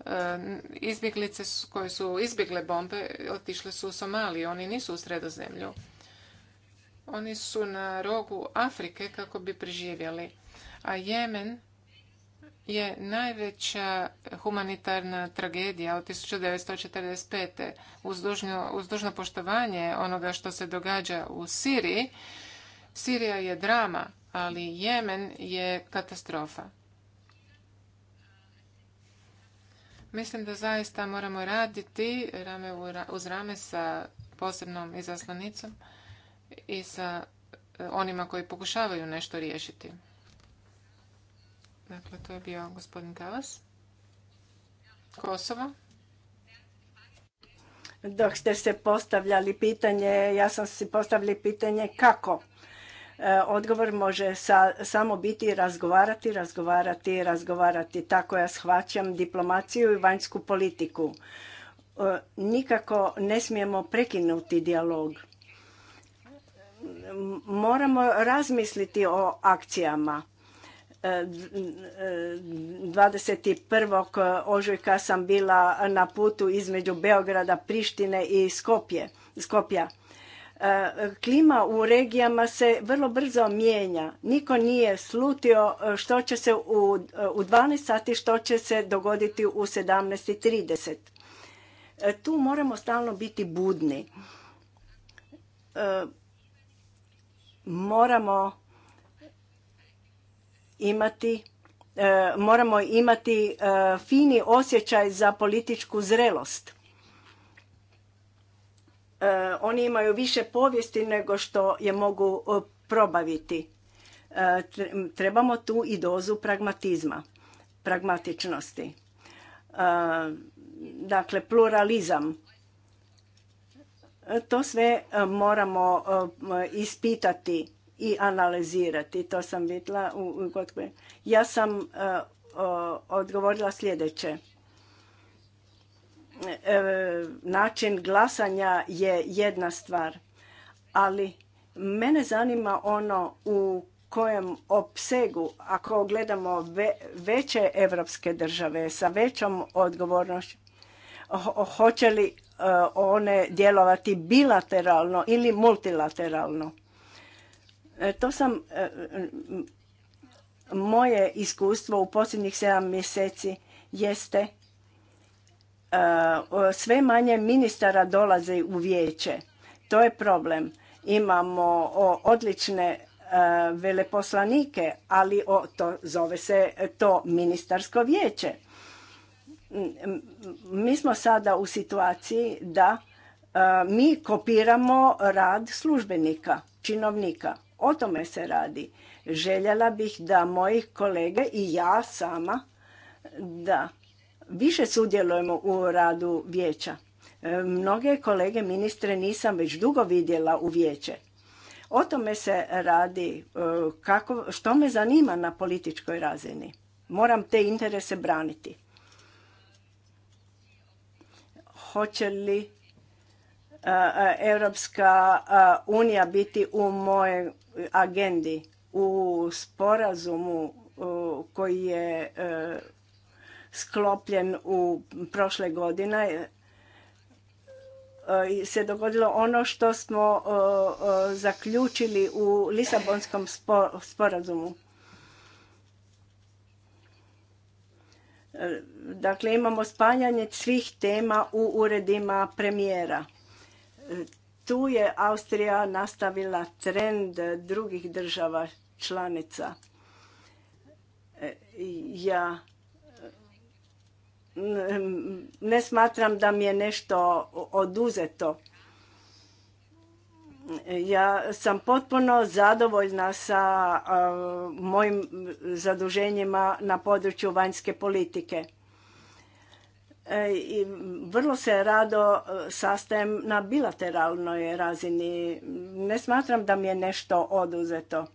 Eh, izbjeglice koje su izbjegle bombe otišle su u Somaliju, oni nisu u sredozemlju. Oni su na rogu Afrike kako bi preživjeli. A Jemen je najveća humanitarna tragedija od 1945. uz dužno, uz dužno poštovanje onoga što se događa u Siriji. Sirija je drama, ali Jemen je katastrofa. Mislim da zaista moramo raditi rame uz rame sa posebnom izaslanicom i sa eh, onima koji pokušavaju nešto riješiti. Dakle, to je bio gospodin Kalas. Kosovo. Dok ste se postavljali pitanje, ja sam si postavili pitanje kako. E, odgovor može samo biti razgovarati, razgovarati, razgovarati. Tako ja shvaćam diplomaciju i vanjsku politiku. E, nikako ne smijemo prekinuti dijalog. Moramo razmisliti o akcijama 21. ožujka sam bila na putu između Beograda, Prištine i Skopje, Skopja. E, klima u regijama se vrlo brzo mijenja. Niko nije slutio e, što će se u, e, u 12 sati, što će se dogoditi u 17.30. Tu moramo stalno biti budni. Moramo imati e, moramo imati e, fini osjećaj za političku zrelost. E, oni imaju više povijesti nego što je mogu probaviti. Trebamo tu i dozu pragmatizma, pragmatičnosti. Dakle, pluralizam. To sve moramo ispitati i analizirati. To sam vidjela. U, ja sam e, odgovorila sljedeće. E, način glasanja je jedna stvar, ali mene zanima ono u kojem opsegu, ako gledamo veće evropske države sa većom odgovornošću, hoće li e, one djelovati bilateralno ili multilateralno? E, to sam e, moje iskustvo u posljednjih sedam mjeseci jeste e, sve manje ministara dolaze u vijeće. To je problem. Imamo odlične veleposlanike, ali to zove se to ministarsko vijeće. Mi smo sada u situaciji da mi kopiramo rad službenika, činovnika. O tome se radi. Željela bih da mojih kolege i ja sama da više sudjelujemo u radu vijeća. E, mnoge kolege ministre nisam već dugo vidjela u vijeće. O tome se radi e, kako, što me zanima na političkoj razini. Moram te interese braniti. Hoće li Europska unija biti u mojoj agendi u sporazumu koji je e, sklopljen u prošle godine e, se dogodilo ono što smo zaključili u Lisabonskom sporazumu. E, dakle, imamo spanjanje svih tema u uredima premijera. Tu je Austrija nastavila trend drugih država članica. E, ja mm, ne smatram da mi je nešto oduzeto. Ja sam potpuno zadovoljna sa mojim zaduženjima na području vanjske politike. E, i vrlo se rado e, sastajem na bilateralnoj razini. Ne smatram da mi je nešto oduzeto.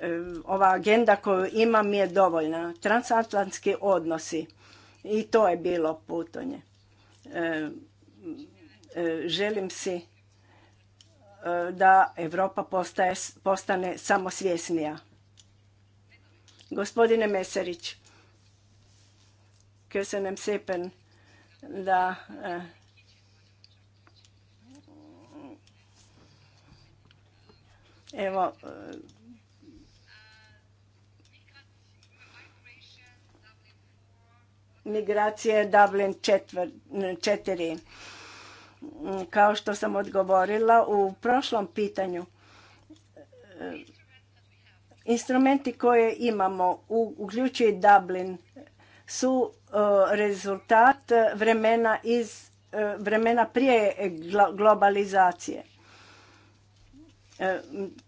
E, ova agenda koju imam je dovoljna. Transatlantski odnosi. I to je bilo putonje. Želim si da Europa postaje, postane samosvjesnija. Gospodine Meserić, Köszönöm szépen, da eh, evo eh, migracije Dublin 4. Kao što sam odgovorila u prošlom pitanju, eh, instrumenti koje imamo, uključuje Dublin, su E, rezultat vremena iz e, vremena prije globalizacije. E,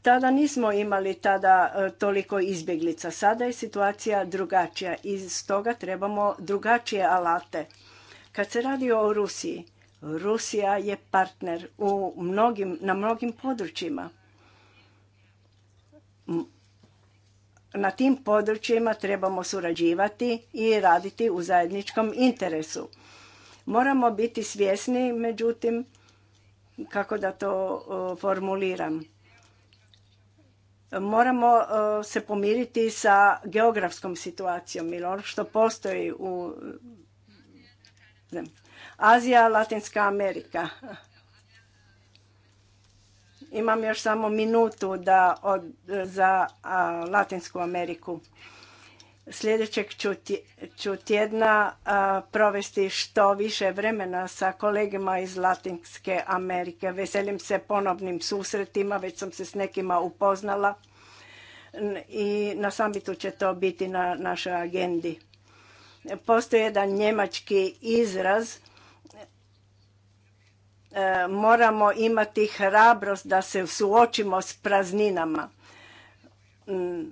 tada nismo imali tada toliko izbjeglica. Sada je situacija drugačija i stoga trebamo drugačije alate. Kad se radi o Rusiji, Rusija je partner u mnogim, na mnogim područjima na tim područjima trebamo surađivati i raditi u zajedničkom interesu. Moramo biti svjesni, međutim, kako da to formuliram. Moramo se pomiriti sa geografskom situacijom ili ono što postoji u Azija, Latinska Amerika. Imam još samo minutu da za Latinsku Ameriku. Sljedećeg ću tjedna provesti što više vremena sa kolegima iz Latinske Amerike. Veselim se ponovnim susretima, već sam se s nekima upoznala i na samitu će to biti na našoj agendi. Postoji jedan njemački izraz E, moramo imati hrabrost da se suočimo s prazninama. Mm.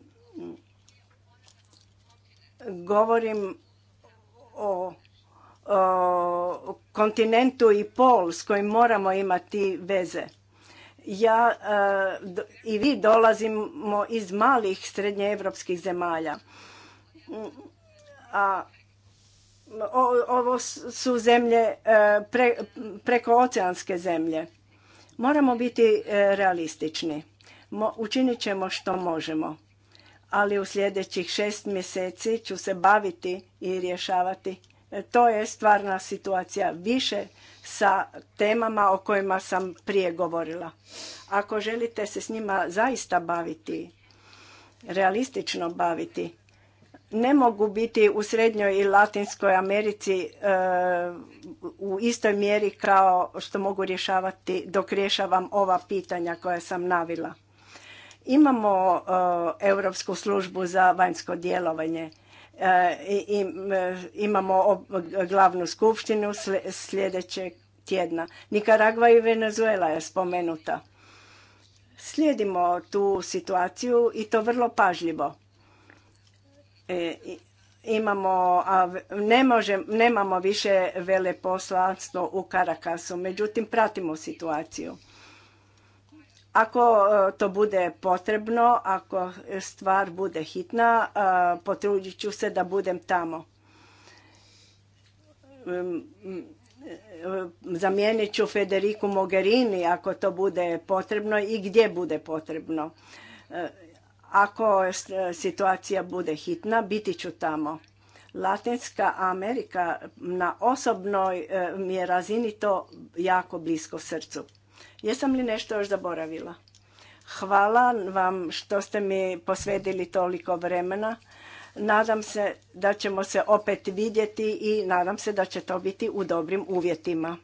Govorim o, kontinentu i pol s kojim moramo imati veze. Ja e, i vi dolazimo iz malih srednjeevropskih zemalja. Mm, a ovo su zemlje, e, pre, oceanske zemlje. Moramo biti e, realistični. Učinit ćemo što možemo. Ali u sljedećih šest mjeseci ću se baviti i rješavati. E, to je stvarna situacija više sa temama o kojima sam prije govorila. Ako želite se s njima zaista baviti, realistično baviti, ne mogu biti u Srednjoj i Latinskoj Americi e, u istoj mjeri kao što mogu rješavati dok rješavam ova pitanja koja sam navila. Imamo e, Europsku službu za vanjsko djelovanje. E, imamo glavnu skupštinu sljedećeg tjedna. Nikaragva i Venezuela je spomenuta. Slijedimo tu situaciju i to vrlo pažljivo E, imamo, ne nemamo više veleposlanstvo u Karakasu, međutim pratimo situaciju. Ako e, to bude potrebno, ako stvar bude hitna, e, potrudit ću se da budem tamo. Zamijenit ću Federiku Mogherini ako to bude potrebno i gdje bude potrebno ako situacija bude hitna, biti ću tamo. Latinska Amerika na osobnoj e, mi je razini to jako blisko srcu. Jesam li nešto još zaboravila? Hvala vam što ste mi posvedili toliko vremena. Nadam se da ćemo se opet vidjeti i nadam se da će to biti u dobrim uvjetima.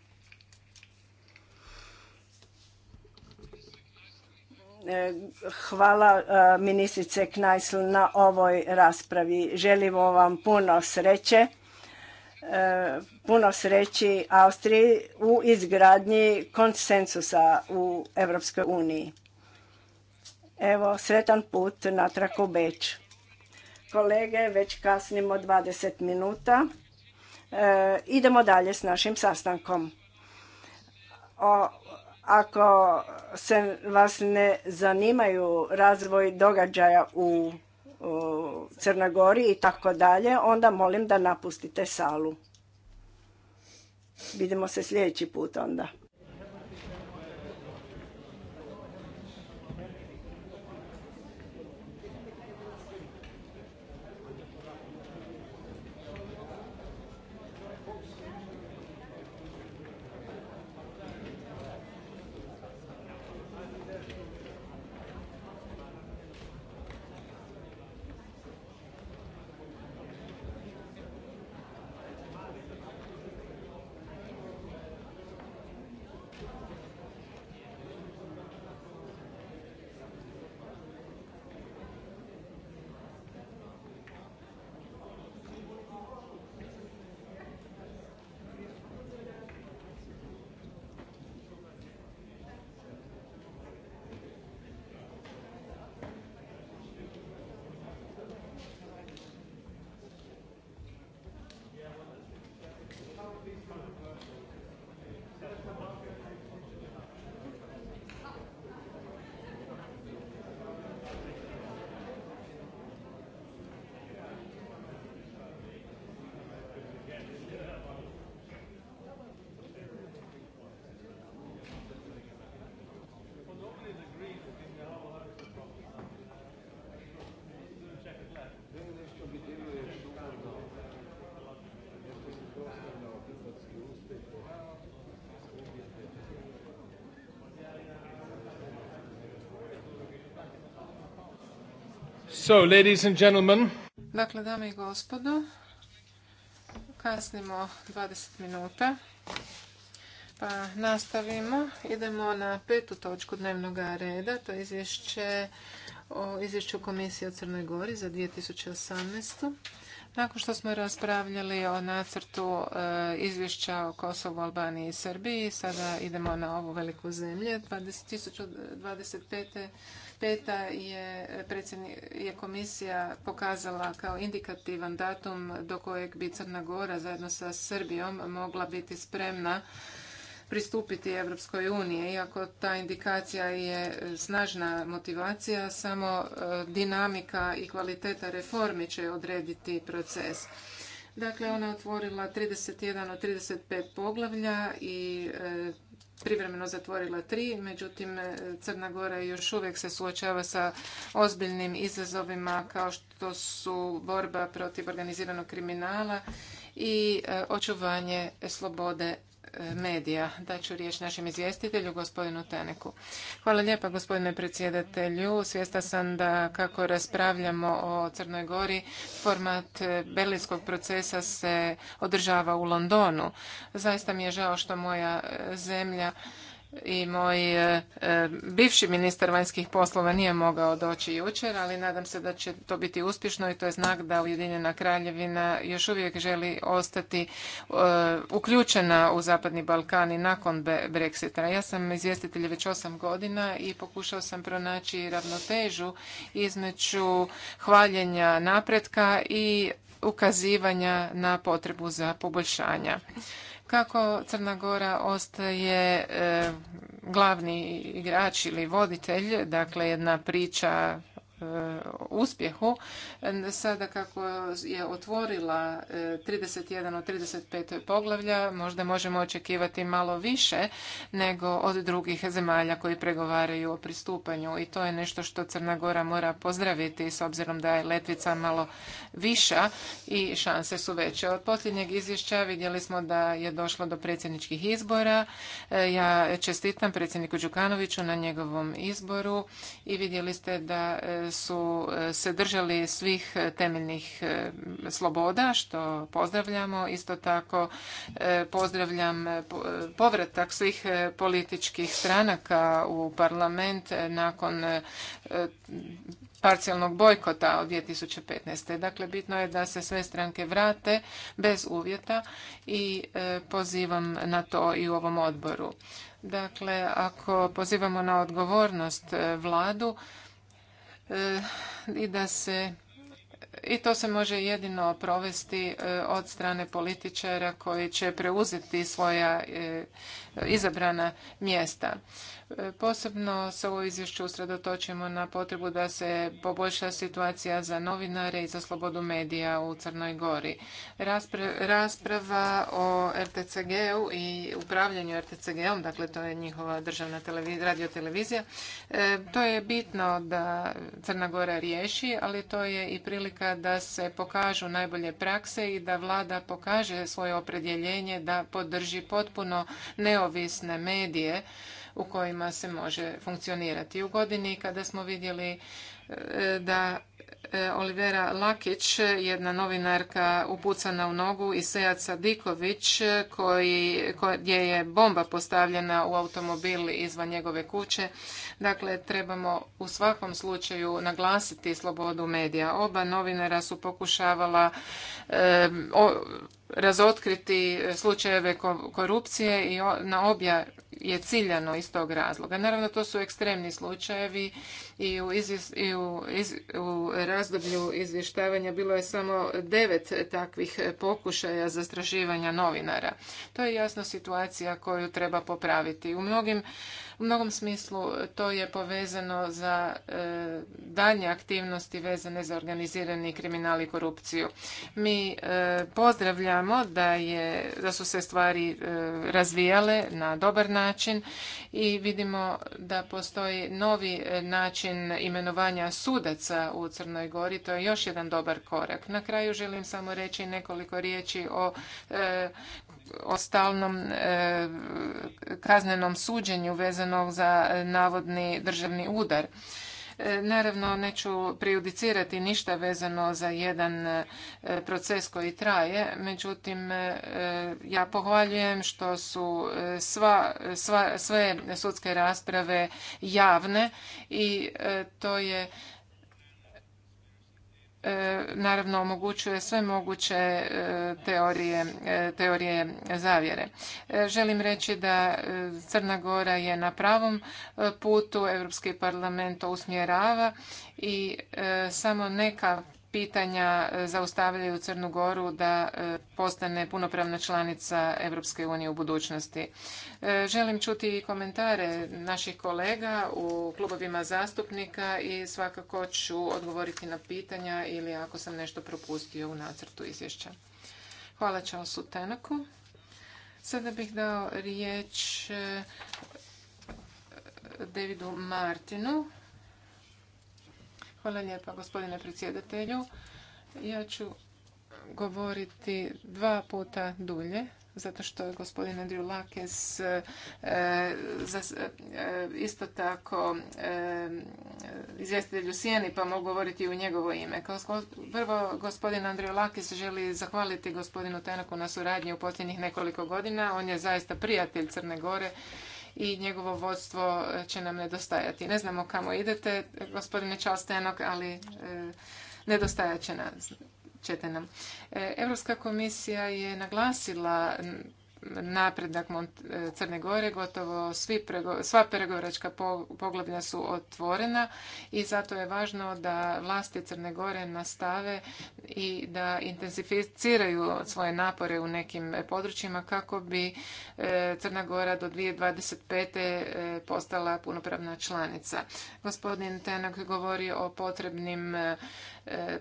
Hvala e, ministrice Knajsl na ovoj raspravi. Želimo vam puno sreće. E, puno sreći Austriji u izgradnji konsensusa u Europskoj uniji. Evo, sretan put natrag traku Beč. Kolege, već kasnimo 20 minuta. E, idemo dalje s našim sastankom. O, ako se vas ne zanimaju razvoj događaja u, Crnagori i tako dalje, onda molim da napustite salu. Vidimo se sljedeći put onda. So, ladies and gentlemen. Dakle, dame i gospodo, kasnimo 20 minuta. Pa nastavimo. Idemo na petu točku dnevnog reda. To je izvješće o izvješću Komisije o Crnoj Gori za 2018. Nakon što smo raspravljali o nacrtu e, izvješća o Kosovu, Albaniji i Srbiji, sada idemo na ovu veliku zemlje. 2025. Peta je, je komisija pokazala kao indikativan datum do kojeg bi Crna Gora zajedno sa Srbijom mogla biti spremna pristupiti Europskoj uniji. Iako ta indikacija je snažna motivacija, samo e, dinamika i kvaliteta reformi će odrediti proces. Dakle, ona je otvorila 31 od 35 poglavlja i e, privremeno zatvorila tri, međutim e, Crna Gora još uvijek se suočava sa ozbiljnim izazovima kao što su borba protiv organiziranog kriminala i očuvanje slobode medija. Daću riječ našem izvjestitelju, gospodinu Taneku. Hvala lijepa, gospodine predsjedatelju. Svijesta sam da kako raspravljamo o Crnoj Gori, format berlinskog procesa se održava u Londonu. Zaista mi je žao što moja e, zemlja i moj e, e, bivši ministar vanjskih poslova nije mogao doći jučer, ali nadam se da će to biti uspješno i to je znak da Ujedinjena Kraljevina još uvijek želi ostati e, uključena u Zapadni Balkan i nakon Brexita. Ja sam izvjestitelj već osam godina i pokušao sam pronaći ravnotežu između hvaljenja napretka i ukazivanja na potrebu za poboljšanja kako Crna Gora ostaje e, glavni igrač ili voditelj, dakle jedna priča E, uspjehu sada kako je otvorila 31 e, od 35 poglavlja možda možemo očekivati malo više nego od drugih zemalja koji pregovaraju o pristupanju i to je nešto što Crna Gora mora pozdraviti s obzirom da je letvica malo viša i šanse su veće. Od posljednjeg izvješća vidjeli smo da je došlo do predsjedničkih izbora. E, ja čestitam predsjedniku Đukanoviću na njegovom izboru i vidjeli ste da su e, se držali svih temeljnih e, sloboda, što pozdravljamo. Isto tako e, pozdravljam povratak svih političkih stranaka u parlament nakon parcijalnog bojkota od 2015. Dakle, bitno je da se sve stranke vrate bez uvjeta i pozivam na to i u ovom odboru. Dakle, ako pozivamo na odgovornost vladu, E, i da se i to se može jedino provesti e, od strane političara koji će preuzeti svoja e, izabrana mjesta. Posebno se u izvješću usredotočimo na potrebu da se poboljša situacija za novinare i za slobodu medija u Crnoj Gori. Rasprava o RTCG-u i upravljanju RTCG-om, dakle to je njihova državna radiotelevizija, e, to je bitno da Crna Gora riješi, ali to je i prilika da se pokažu najbolje prakse i da vlada pokaže svoje opredjeljenje da podrži potpuno neovisne medije u kojima se može funkcionirati. U godini kada smo vidjeli e, da e, Olivera Lakić, jedna novinarka upucana u nogu i Sejaca sadiković koji, gdje je bomba postavljena u automobil izvan njegove kuće. Dakle, trebamo u svakom slučaju naglasiti slobodu medija. Oba novinara su pokušavala e, razotkriti slučajeve korupcije i na obja je ciljano iz tog razloga. Naravno, to su ekstremni slučajevi i u, i u, razdoblju izvještavanja bilo je samo devet takvih pokušaja zastraživanja novinara. To je jasno situacija koju treba popraviti. U mnogim u mnogom smislu to je povezano za e, dalje aktivnosti vezane za organizirani kriminal i korupciju. Mi e, pozdravljamo da, je, da su se stvari e, razvijale na dobar način način i vidimo da postoji novi e, način imenovanja sudaca u Crnoj Gori. To je još jedan dobar korak. Na kraju želim samo reći nekoliko riječi o, e, o stalnom e, kaznenom suđenju vezanog za navodni državni udar. E, naravno, neću prejudicirati ništa vezano za jedan e, proces koji traje, međutim, e, ja pohvaljujem što su sva, sva, sve sudske rasprave javne i to je E, naravno omogućuje sve moguće e, teorije, e, teorije zavjere. Želim reći da Crna Gora je na pravom putu, Europski parlament to usmjerava i samo neka pitanja e, zaustavljaju Crnu Goru da e, postane punopravna članica Europske unije u budućnosti. E, želim čuti i komentare naših kolega u klubovima zastupnika i svakako ću odgovoriti na pitanja ili ako sam nešto propustio u nacrtu izvješća. Hvala Charlesu Tenaku. Sada bih dao riječ Davidu Martinu Hvala lijepa gospodine predsjedatelju. Ja ću govoriti dva puta dulje zato što je gospodin Andriju Lakes eh, eh, isto tako eh, izvjestitelj u Sijeni, pa mogu govoriti u njegovo ime. prvo, gospodin Andriju Lakes želi zahvaliti gospodinu Tenaku na suradnji u posljednjih nekoliko godina. On je zaista prijatelj Crne Gore i njegovo vodstvo e, će nam nedostajati. Ne znamo kamo idete, gospodine Čalstenok, ali e, nedostajat će nam. E, Europska komisija je naglasila napredak eh, Crne Gore, gotovo sva pregovaračka poglavlja su otvorena i zato je važno da vlasti Crne Gore nastave i da intensificiraju svoje napore u nekim eh, područjima kako bi eh, Crna Gora do 2025. postala punopravna članica. Gospodin Tenak govori o potrebnim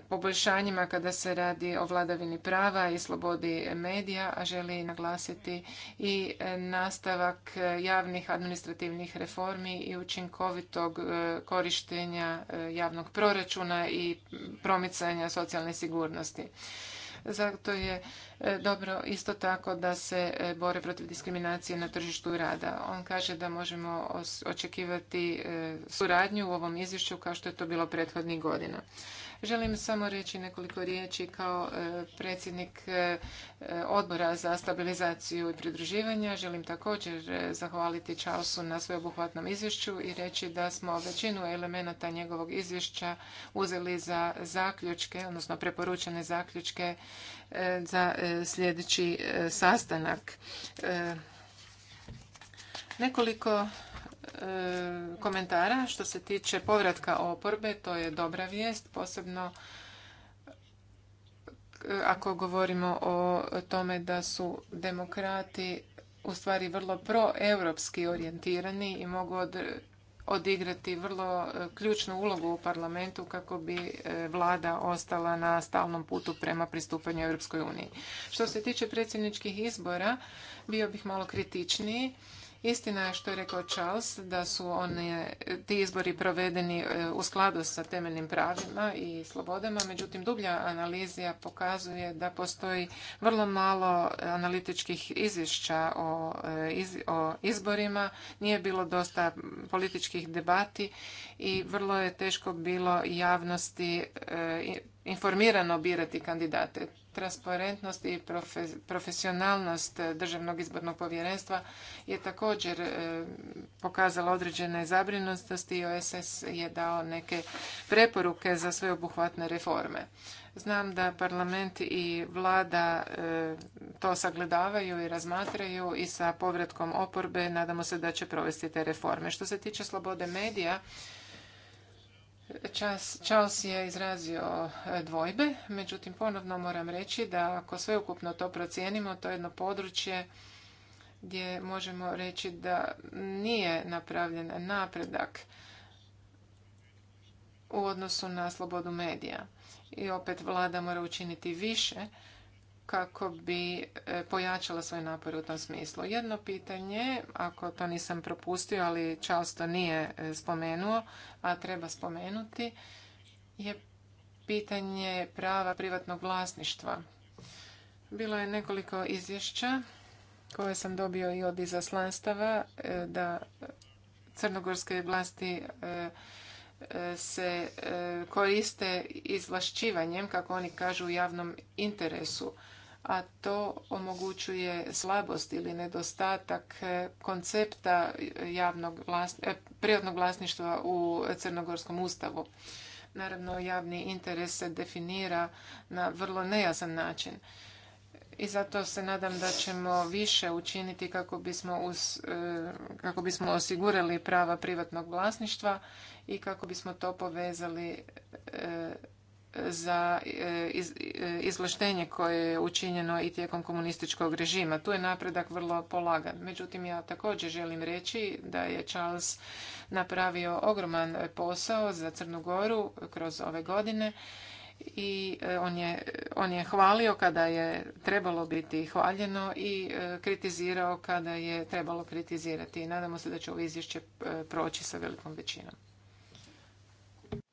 poboljšanjima kada se radi o vladavini prava i slobodi medija, a želi naglasiti i e, nastavak e, javnih administrativnih reformi i učinkovitog e, korištenja javnog proračuna i promicanja socijalne sigurnosti. Zato je E, dobro isto tako da se e, bore protiv diskriminacije na tržištu rada. On kaže da možemo očekivati e, suradnju u ovom izvješću kao što je to bilo prethodnih godina. Želim samo reći nekoliko riječi kao predsjednik odbora za stabilizaciju i pridruživanja. Želim također zahvaliti Charlesu na sveobuhvatnom izvješću i reći da smo većinu elemenata njegovog izvješća uzeli za zaključke, odnosno preporučene zaključke E, za e, sljedeći e, sastanak. Nekoliko komentara što se tiče povratka oporbe, to je dobra vijest, posebno ako govorimo o tome da su demokrati u stvari vrlo proeuropski orijentirani i mogu odigrati vrlo e, ključnu ulogu u parlamentu kako bi e, vlada ostala na stalnom putu prema pristupanju Europskoj uniji. Što se tiče predsjedničkih izbora, bio bih malo kritičniji Istina je što je rekao Charles da su one, ti izbori provedeni e, u skladu sa temeljnim pravima i slobodama, međutim dublja analizija pokazuje da postoji vrlo malo analitičkih izvješća o, e, o izborima, nije bilo dosta političkih debati i vrlo je teško bilo javnosti e, informirano birati kandidate transparentnost i profesionalnost Državnog izbornog povjerenstva je također e, pokazala određene zabrinutosti i OSS je dao neke preporuke za sveobuhvatne reforme. Znam da parlament i vlada e, to sagledavaju i razmatraju i sa povratkom oporbe nadamo se da će provesti te reforme. Što se tiče slobode medija, Charles je izrazio e, dvojbe, međutim ponovno moram reći da ako ukupno to procijenimo, to je jedno područje gdje možemo reći da nije napravljen napredak u odnosu na slobodu medija. I opet vlada mora učiniti više kako bi e, pojačala svoje napore u tom smislu. Jedno pitanje, ako to nisam propustio, ali často to nije e, spomenuo, a treba spomenuti, je pitanje prava privatnog vlasništva. Bilo je nekoliko izvješća koje sam dobio i od izaslanstava e, da crnogorske vlasti se koriste izvlašćivanjem, kako oni kažu, u javnom interesu a to omogućuje slabost ili nedostatak e, koncepta javnog vlasništva e, privatnog vlasništva u Crnogorskom ustavu. Naravno, javni interes se definira na vrlo nejasan način. I zato se nadam da ćemo više učiniti kako bismo, us, e, kako bismo osigurali prava privatnog vlasništva i kako bismo to povezali za e, e, izvlaštenje koje je učinjeno i tijekom komunističkog režima. Tu je napredak vrlo polagan. Međutim, ja također želim reći da je Charles napravio ogroman posao za Crnu Goru kroz ove godine i e, on je, on je hvalio kada je trebalo biti hvaljeno i kritizirao kada je trebalo kritizirati. Nadamo se da će ovo izvješće proći sa velikom većinom.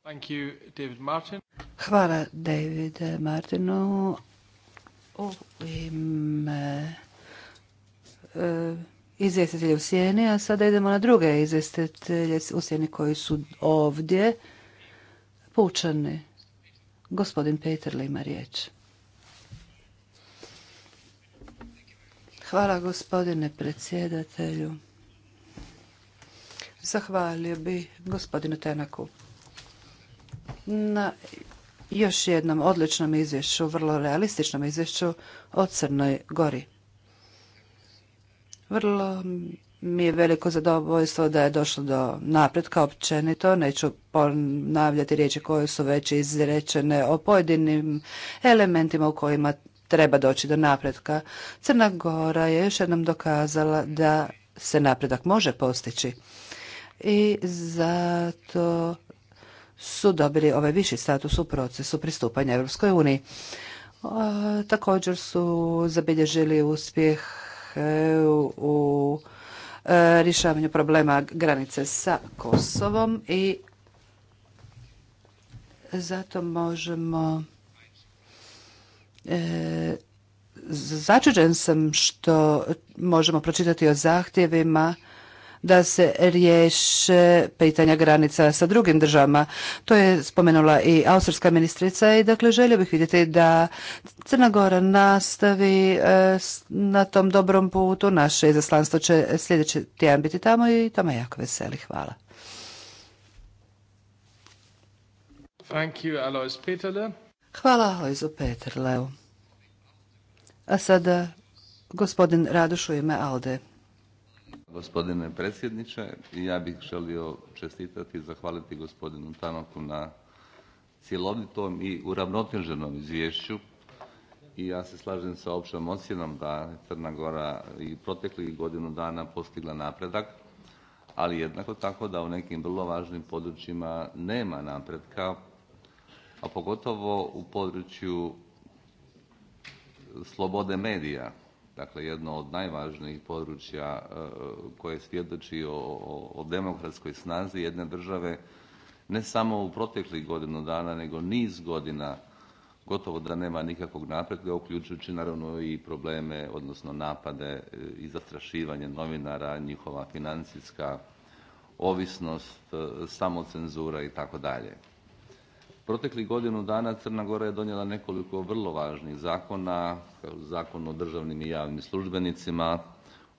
Thank David Hvala David Martinu u ime e, u sjeni, a sada idemo na druge izvjestitelje u sjeni koji su ovdje poučani. Gospodin Peterle ima riječ. Hvala gospodine predsjedatelju. Zahvalio bi gospodinu Tenaku na još jednom odličnom izvješću, vrlo realističnom izvješću o Crnoj Gori. Vrlo mi je veliko zadovoljstvo da je došlo do napretka općenito. Neću ponavljati riječi koje su već izrečene o pojedinim elementima u kojima treba doći do napretka. Crna Gora je još jednom dokazala da se napredak može postići. I zato su dobili ovaj viši status u procesu pristupanja Europskoj uniji. Također su zabilježili uspjeh e, u e, rješavanju problema granice sa Kosovom i zato možemo e, začuđen sam što možemo pročitati o zahtjevima da se riješe pitanja granica sa drugim državama. To je spomenula i austrijska ministrica i dakle želio bih vidjeti da Crna Gora nastavi e, na tom dobrom putu. Naše izaslanstvo će sljedeći tjedan biti tamo i to me jako veseli. Hvala. Thank you, Alois Hvala Alojzu Peterleu. A sada gospodin radoš u ime Alde gospodine predsjedniče. ja bih želio čestitati i zahvaliti gospodinu Tanoku na cjelovitom i uravnoteženom izvješću i ja se slažem sa općom ocjenom da je Crna Gora i proteklih godinu dana postigla napredak, ali jednako tako da u nekim vrlo važnim područjima nema napretka, a pogotovo u području slobode medija dakle jedno od najvažnijih područja e, koje svjedoči o, o, demokratskoj snazi jedne države ne samo u proteklih godinu dana nego niz godina gotovo da nema nikakvog napretka uključujući naravno i probleme odnosno napade e, i zastrašivanje novinara njihova financijska ovisnost e, samocenzura i tako dalje Proteklih godinu dana Crna Gora je donijela nekoliko vrlo važnih zakona, zakon o državnim i javnim službenicima,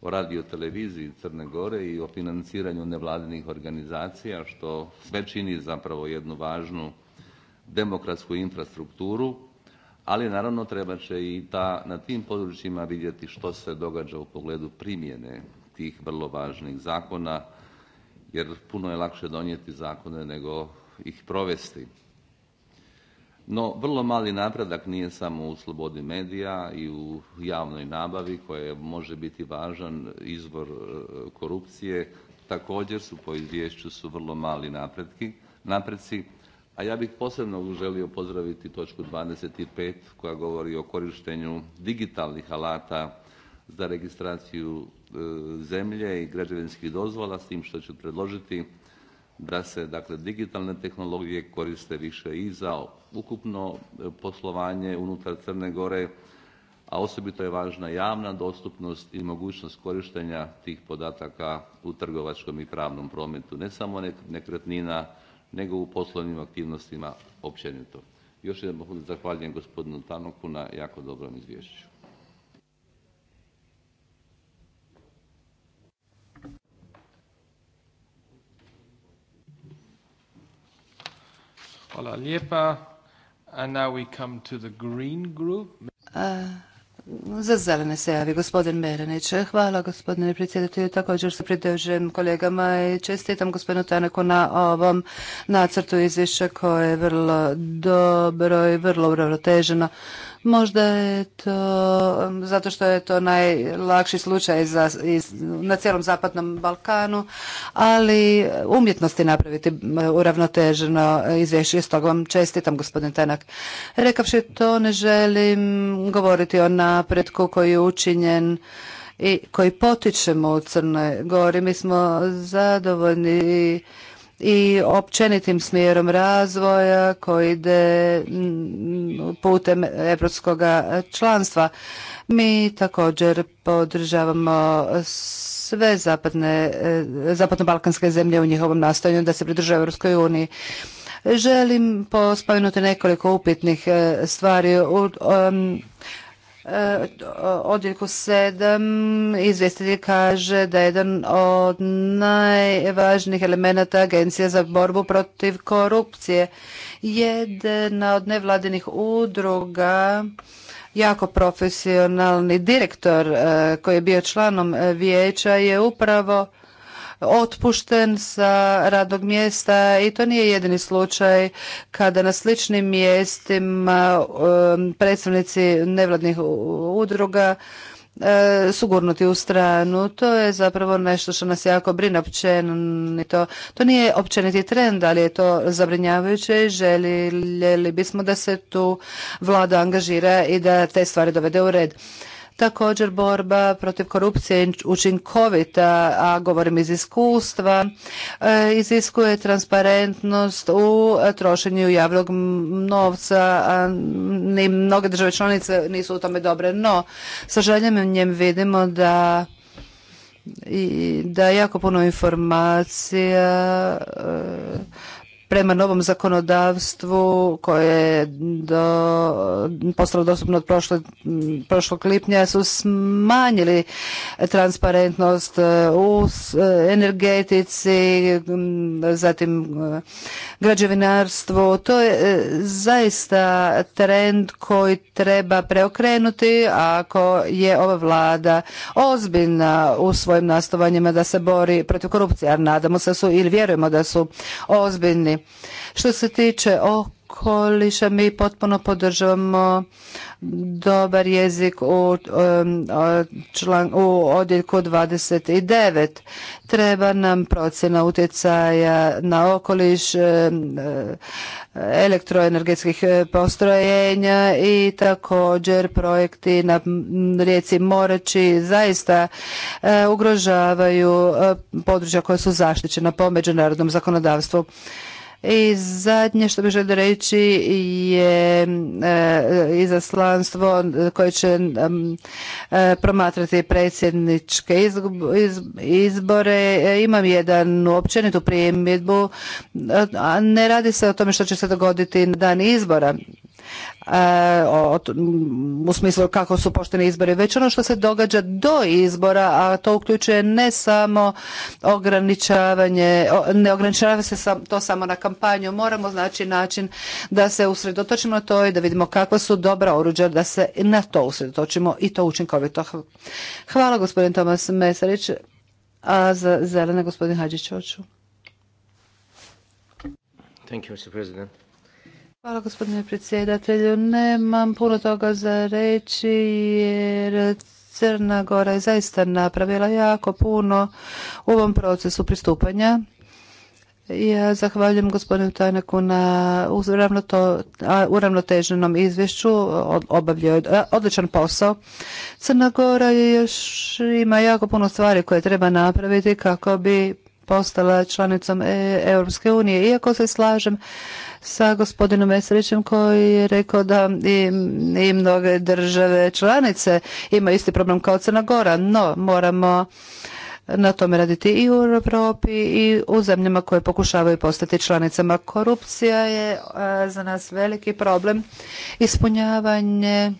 o radioteleviziji Crne Gore i o financiranju nevladinih organizacija, što sve čini zapravo jednu važnu demokratsku infrastrukturu, ali naravno treba će i ta, na tim područjima vidjeti što se događa u pogledu primjene tih vrlo važnih zakona, jer puno je lakše donijeti zakone nego ih provesti. No, vrlo mali napredak nije samo u slobodi medija i u javnoj nabavi koja može biti važan izvor e, korupcije. Također su po izvješću su vrlo mali napretki, napreci, a ja bih posebno želio pozdraviti točku 25 koja govori o korištenju digitalnih alata za registraciju e, zemlje i građevinskih dozvola s tim što ću predložiti da se dakle digitalne tehnologije koriste više i za ukupno e, poslovanje unutar Crne Gore, a osobito je važna javna dostupnost i mogućnost korištenja tih podataka u trgovačkom i pravnom prometu, ne samo nekretnina, nego u poslovnim aktivnostima općenito. Još jednom zahvaljujem gospodinu Tanoku na jako dobrom izvješću. Hvala lijepa. And we come to the green group. za zelene se javi gospodin Merenić. Hvala gospodine predsjedatelju. Također se pridružujem kolegama i čestitam gospodinu Tanaku na ovom nacrtu izvješća koje je vrlo dobro i vrlo uravnoteženo. Možda je to zato što je to najlakši slučaj za, na cijelom zapadnom Balkanu, ali umjetnosti napraviti uravnoteženo izvješće. Stoga vam čestitam, gospodin Tenak. Rekavši to, ne želim govoriti o napretku koji je učinjen i koji potičemo u Crnoj Gori. Mi smo zadovoljni i općenitim smjerom razvoja koji ide mm, putem europskog članstva. Mi također podržavamo sve zapadne, eh, zapadno-balkanske zemlje u njihovom nastojanju da se pridruže Europskoj uniji. Želim pospomenuti nekoliko upitnih eh, stvari. E, odjeljku 7 izvjestitelj kaže da je jedan od najvažnijih elemenata Agencije za borbu protiv korupcije. Jedna od nevladinih udruga jako profesionalni direktor e, koji je bio članom vijeća je upravo otpušten sa radnog mjesta i to nije jedini slučaj kada na sličnim mjestima um, predstavnici nevladnih udruga uh, su gurnuti u stranu. To je zapravo nešto što nas jako brine općenito. To nije općeniti trend, ali je to zabrinjavajuće i željeli bismo da se tu vlada angažira i da te stvari dovede u red. Također borba protiv korupcije je učinkovita, a govorim iz iskustva, e, iziskuje transparentnost u trošenju javnog novca. Ni mnoge države članice nisu u tome dobre, no sa željenjem vidimo da i da jako puno informacija e, prema novom zakonodavstvu koje je do, postalo dostupno od prošlog lipnja su smanjili transparentnost e, u e, energetici, zatim e, građevinarstvu. To je zaista trend koji treba preokrenuti ako je ova vlada ozbiljna u svojim nastovanjima da se bori protiv korupcije, a nadamo se su ili vjerujemo da su ozbiljni. Što se tiče okoliša, mi potpuno podržavamo dobar jezik u, član, u odjeljku 29. Treba nam procjena utjecaja na okoliš elektroenergetskih postrojenja i također projekti na rijeci Moreći zaista e, ugrožavaju e, područja koja su zaštićena po međunarodnom zakonodavstvu. I zadnje što bih želio reći je e, izaslanstvo koje će e, promatrati predsjedničke izbore. E, imam jedan općenitu primjedbu. Ne radi se o tome što će se dogoditi na dan izbora. E, u smislu kako su pošteni izbori, već ono što se događa do izbora, a to uključuje ne samo ograničavanje, ne ograničava se to samo na kampanju, moramo znači način da se usredotočimo na to i da vidimo kakva su dobra oruđa da se na to usredotočimo i to učinkovito. Hvala gospodin Tomas Mesarić, a za zelene gospodin Hadžić Oču. Thank you, Mr. President. Hvala gospodine predsjedatelju. Nemam puno toga za reći jer Crna Gora je zaista napravila jako puno u ovom procesu pristupanja. Ja zahvaljujem gospodinu Tajnaku na uravnoteženom izvješću, obavljaju odličan posao. Crna Gora još ima jako puno stvari koje treba napraviti kako bi postala članicom e, Europske unije. Iako se slažem sa gospodinom Mesarićem koji je rekao da i, i mnoge države članice imaju isti problem kao Crna Gora, no moramo na tome raditi i u Europi i u zemljama koje pokušavaju postati članicama. Korupcija je e, za nas veliki problem. Ispunjavanje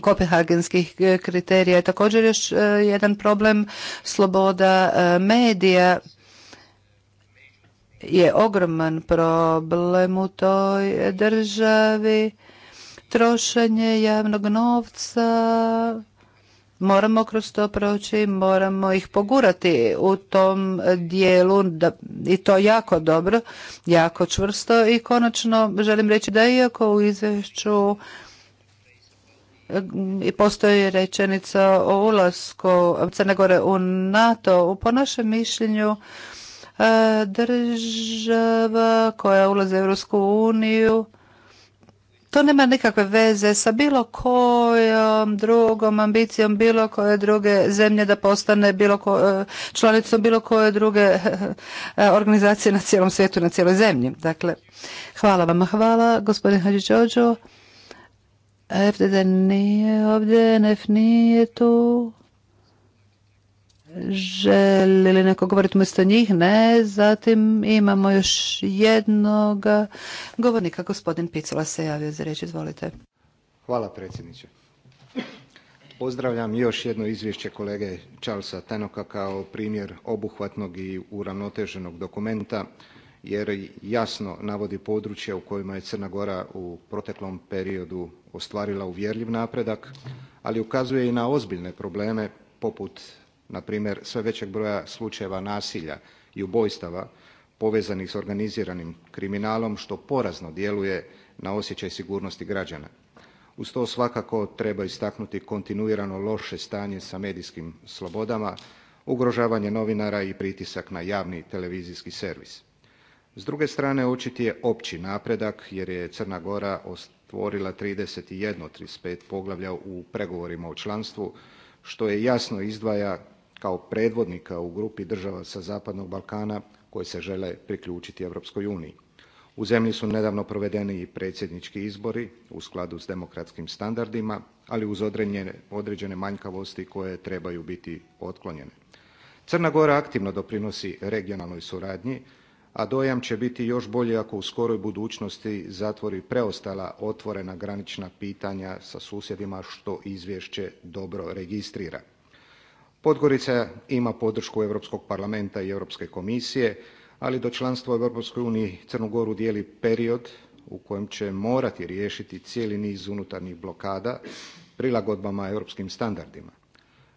kopenhagenskih e, kriterija je također još e, jedan problem. Sloboda medija je ogroman problem u toj državi. Trošenje javnog novca, moramo kroz to proći, moramo ih pogurati u tom dijelu da, i to jako dobro, jako čvrsto i konačno želim reći da iako u izvješću i e, postoji rečenica o ulasku Crne Gore u NATO, u po našem mišljenju E, država koja ulazi u Europsku uniju to nema nikakve veze sa bilo kojom drugom ambicijom bilo koje druge zemlje da postane bilo ko, e, članicom bilo koje druge [LAUGHS] e, organizacije na cijelom svijetu, na cijeloj zemlji. Dakle, hvala vam, hvala gospodin Čođo. FDD nije ovdje, NF nije tu. Želi li neko govoriti umjesto njih? Ne. Zatim imamo još jednog govornika. Gospodin Picula se javio za riječ. Izvolite. Hvala predsjedniče. Pozdravljam još jedno izvješće kolege Charlesa Tenoka kao primjer obuhvatnog i uravnoteženog dokumenta jer jasno navodi područja u kojima je Crna Gora u proteklom periodu ostvarila uvjerljiv napredak, ali ukazuje i na ozbiljne probleme poput na primjer sve većeg broja slučajeva nasilja i ubojstava povezanih s organiziranim kriminalom što porazno djeluje na osjećaj sigurnosti građana. Uz to svakako treba istaknuti kontinuirano loše stanje sa medijskim slobodama, ugrožavanje novinara i pritisak na javni televizijski servis. S druge strane očit je opći napredak jer je Crna Gora ostvorila 31 od 35 poglavlja u pregovorima o članstvu što je jasno izdvaja kao predvodnika u grupi država sa Zapadnog Balkana koje se žele priključiti Europskoj uniji. U zemlji su nedavno provedeni i predsjednički izbori u skladu s demokratskim standardima, ali uz određene manjkavosti koje trebaju biti otklonjene. Crna Gora aktivno doprinosi regionalnoj suradnji, a dojam će biti još bolji ako u skoroj budućnosti zatvori preostala otvorena granična pitanja sa susjedima što izvješće dobro registrira podgorica ima podršku europskog parlamenta i europske komisije ali do članstvo u europskoj uniji crnu goru dijeli period u kojem će morati riješiti cijeli niz unutarnjih blokada prilagodbama europskim standardima.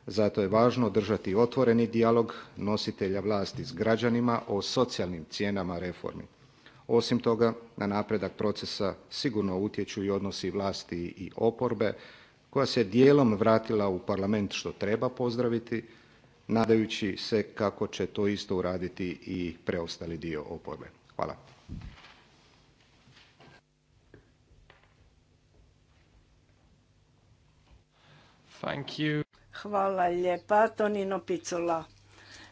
zato je važno držati otvoreni dijalog nositelja vlasti s građanima o socijalnim cijenama reformi. osim toga na napredak procesa sigurno utječu i odnosi vlasti i oporbe koja se dijelom vratila u parlament što treba pozdraviti nadajući se kako će to isto uraditi i preostali dio oporbe. Hvala. Thank you. Hvala lijepa, Tonino Picula.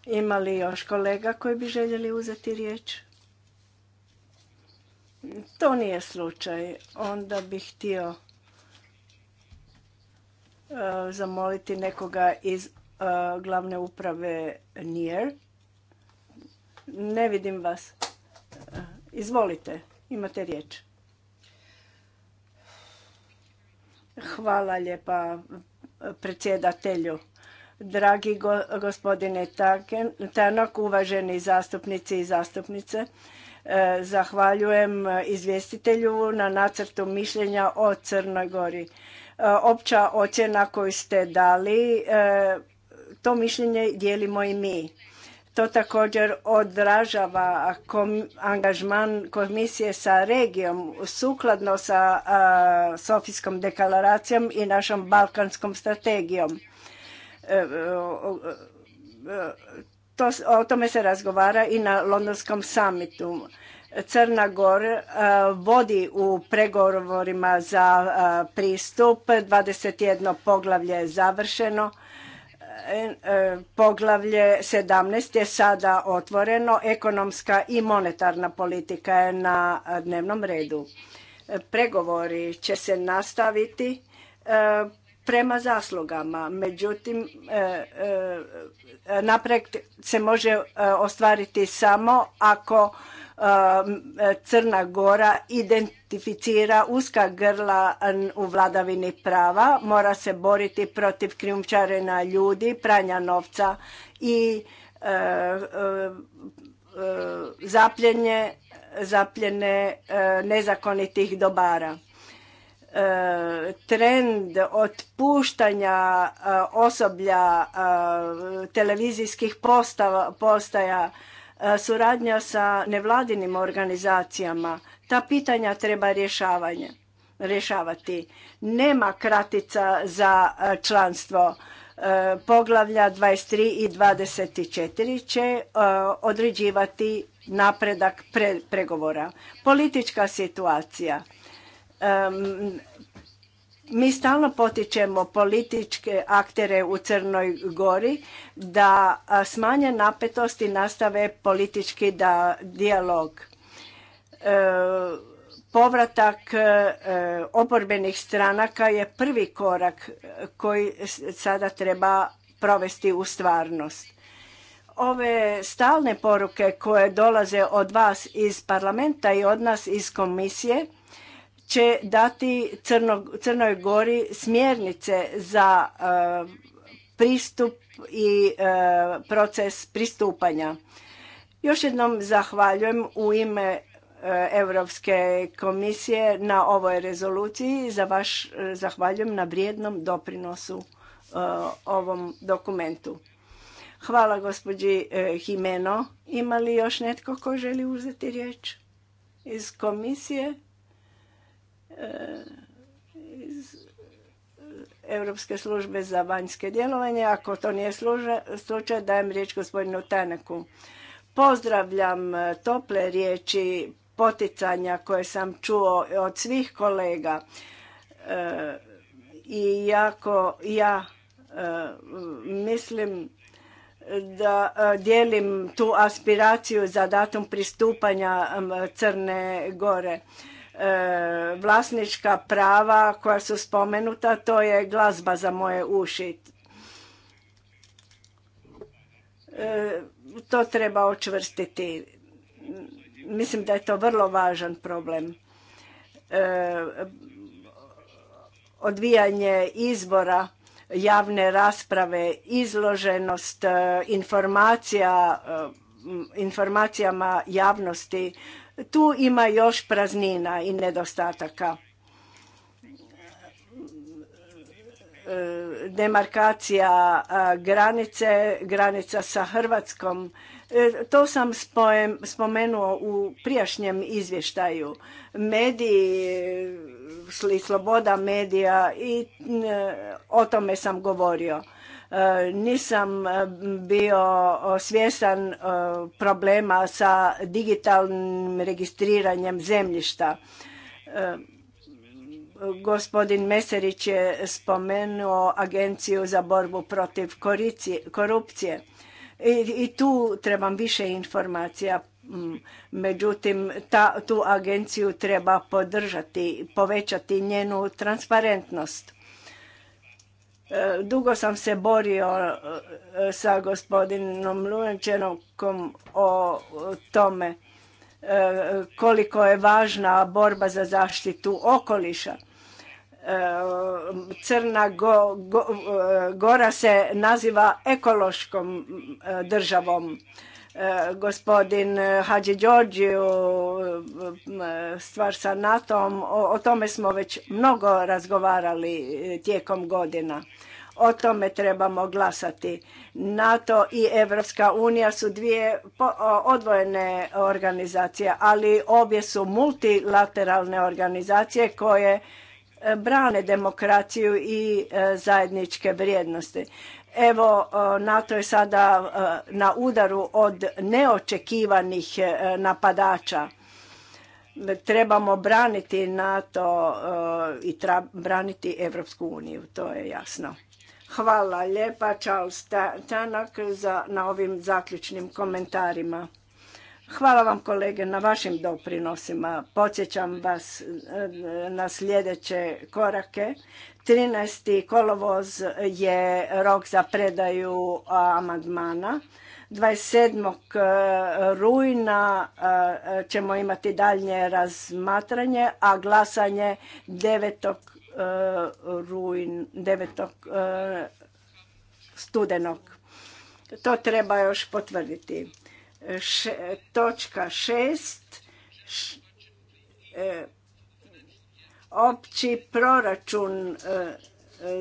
Ima li još kolega koji bi željeli uzeti riječ? To nije slučaj. Onda bih htio E, zamoliti nekoga iz e, glavne uprave NIER. Ne vidim vas. E, izvolite, imate riječ. Hvala lijepa predsjedatelju. Dragi gospodine Tanak, uvaženi zastupnici i zastupnice, zahvaljujem izvjestitelju na nacrtu mišljenja o Crnoj Gori. E, opća ocjena koju ste dali, e, to mišljenje dijelimo i mi. To također odražava angažman komisije sa regijom sukladno sa e, Sofijskom deklaracijom i našom balkanskom strategijom. o, to, o tome se razgovara i na Londonskom samitu. Crna Gora e, vodi u pregovorima za e, pristup, 21 poglavlje je završeno, e, poglavlje 17 je sada otvoreno, ekonomska i monetarna politika je na dnevnom redu. Pregovori će se nastaviti prema zaslugama, međutim napred se može ostvariti samo ako Um, Crna Gora identificira uska grla u vladavini prava, mora se boriti protiv krijumčarena ljudi, pranja novca i uh, uh, zapljene uh, nezakonitih dobara. Trend otpuštanja osoblja televizijskih postaja E, suradnja sa nevladinim organizacijama, ta pitanja treba rješavati. Nema kratica za e, članstvo. E, poglavlja 23 i 24 će određivati napredak pregovora. Politička situacija. Mi stalno potičemo političke aktere u Crnoj Gori da smanje napetosti nastave politički da, dijalog. E, povratak e, oporbenih stranaka je prvi korak koji sada treba provesti u stvarnost ove stalne poruke koje dolaze od vas iz parlamenta i od nas iz komisije će dati Crno, Crnoj Gori smjernice za e, pristup i e, proces pristupanja. Još jednom zahvaljujem u ime e, Europske komisije na ovoj rezoluciji za vaš zahvaljujem na vrijednom doprinosu ovom dokumentu. Hvala gospođi Himeno. Ima li još netko ko želi uzeti riječ iz komisije? E, iz Europske službe za vanjske djelovanje. Ako to nije slučaj, dajem riječ gospodinu Taneku. Pozdravljam e, tople riječi poticanja koje sam čuo od svih kolega e, i jako ja mislim da dijelim tu aspiraciju za datum pristupanja Crne Gore. E, vlasnička prava koja su spomenuta, to je glazba za moje uši. E, to treba očvrstiti. Mislim da je to vrlo važan problem. E, odvijanje izbora, javne rasprave, izloženost informacija, informacijama javnosti, tu ima još praznina i nedostataka. Demarkacija granice, granica sa Hrvatskom, e, to sam spomenuo u prijašnjem izvještaju. Mediji, sloboda medija i o tome sam govorio. E, nisam e, bio svjestan e, problema sa digitalnim registriranjem zemljišta. Gospodin Meserić je spomenuo Agenciju za borbu protiv korupcije. I tu trebam više informacija. Mm, međutim, tu agenciju treba podržati, povećati njenu transparentnost. E, dugo sam se borio e, sa gospodinom Lujančenokom o tome e, koliko je važna borba za zaštitu okoliša. Crna Gora se naziva ekološkom državom gospodin Hadži Đorđiju, stvar sa NATO-om, o, tome smo već mnogo razgovarali tijekom godina. O tome trebamo glasati. NATO i Evropska unija su dvije odvojene organizacije, ali obje su multilateralne organizacije koje brane demokraciju i e, zajedničke vrijednosti. Evo, e, NATO je sada e, na udaru od neočekivanih e, napadača. Trebamo braniti NATO i braniti Evropsku uniju, to je jasno. Hvala lijepa Charles Tanak za, na ovim zaključnim komentarima. Hvala vam kolege na vašim doprinosima. Podsjećam vas na sljedeće korake. 13. kolovoz je rok za predaju amandmana. 27. E, rujna e, ćemo imati daljnje razmatranje, a glasanje 9. 9. E, studenog. To treba još potvrditi. točka 6. e, Opći proračun e,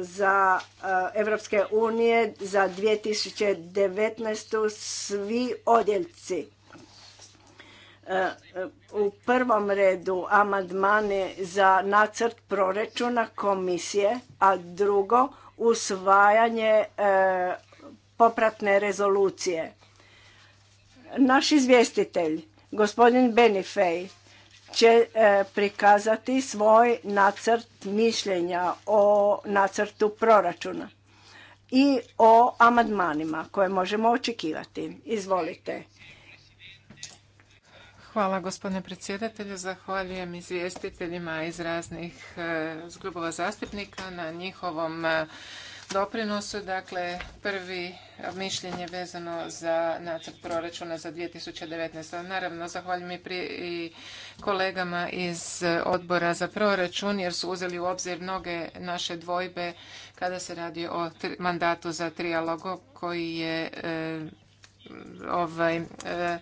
za e, Evropske unije za 2019. svi odjeljci. E, u prvom redu amandmane za nacrt proračuna komisije, a drugo usvajanje popratne rezolucije. Naš izvjestitelj, gospodin Benifej, će e, prikazati svoj nacrt mišljenja o nacrtu proračuna i o amandmanima koje možemo očekivati. Izvolite. Hvala gospodine predsjedatelju. Zahvaljujem izvjestiteljima iz raznih klubova e, zastupnika na njihovom e, doprinosu. Dakle, prvi mišljenje vezano za nacrt proračuna za 2019. Naravno, zahvaljujem i, pri, kolegama iz odbora za proračun jer su uzeli u obzir mnoge naše dvojbe kada se radi o mandatu za trijalog koji je e, ovaj, e,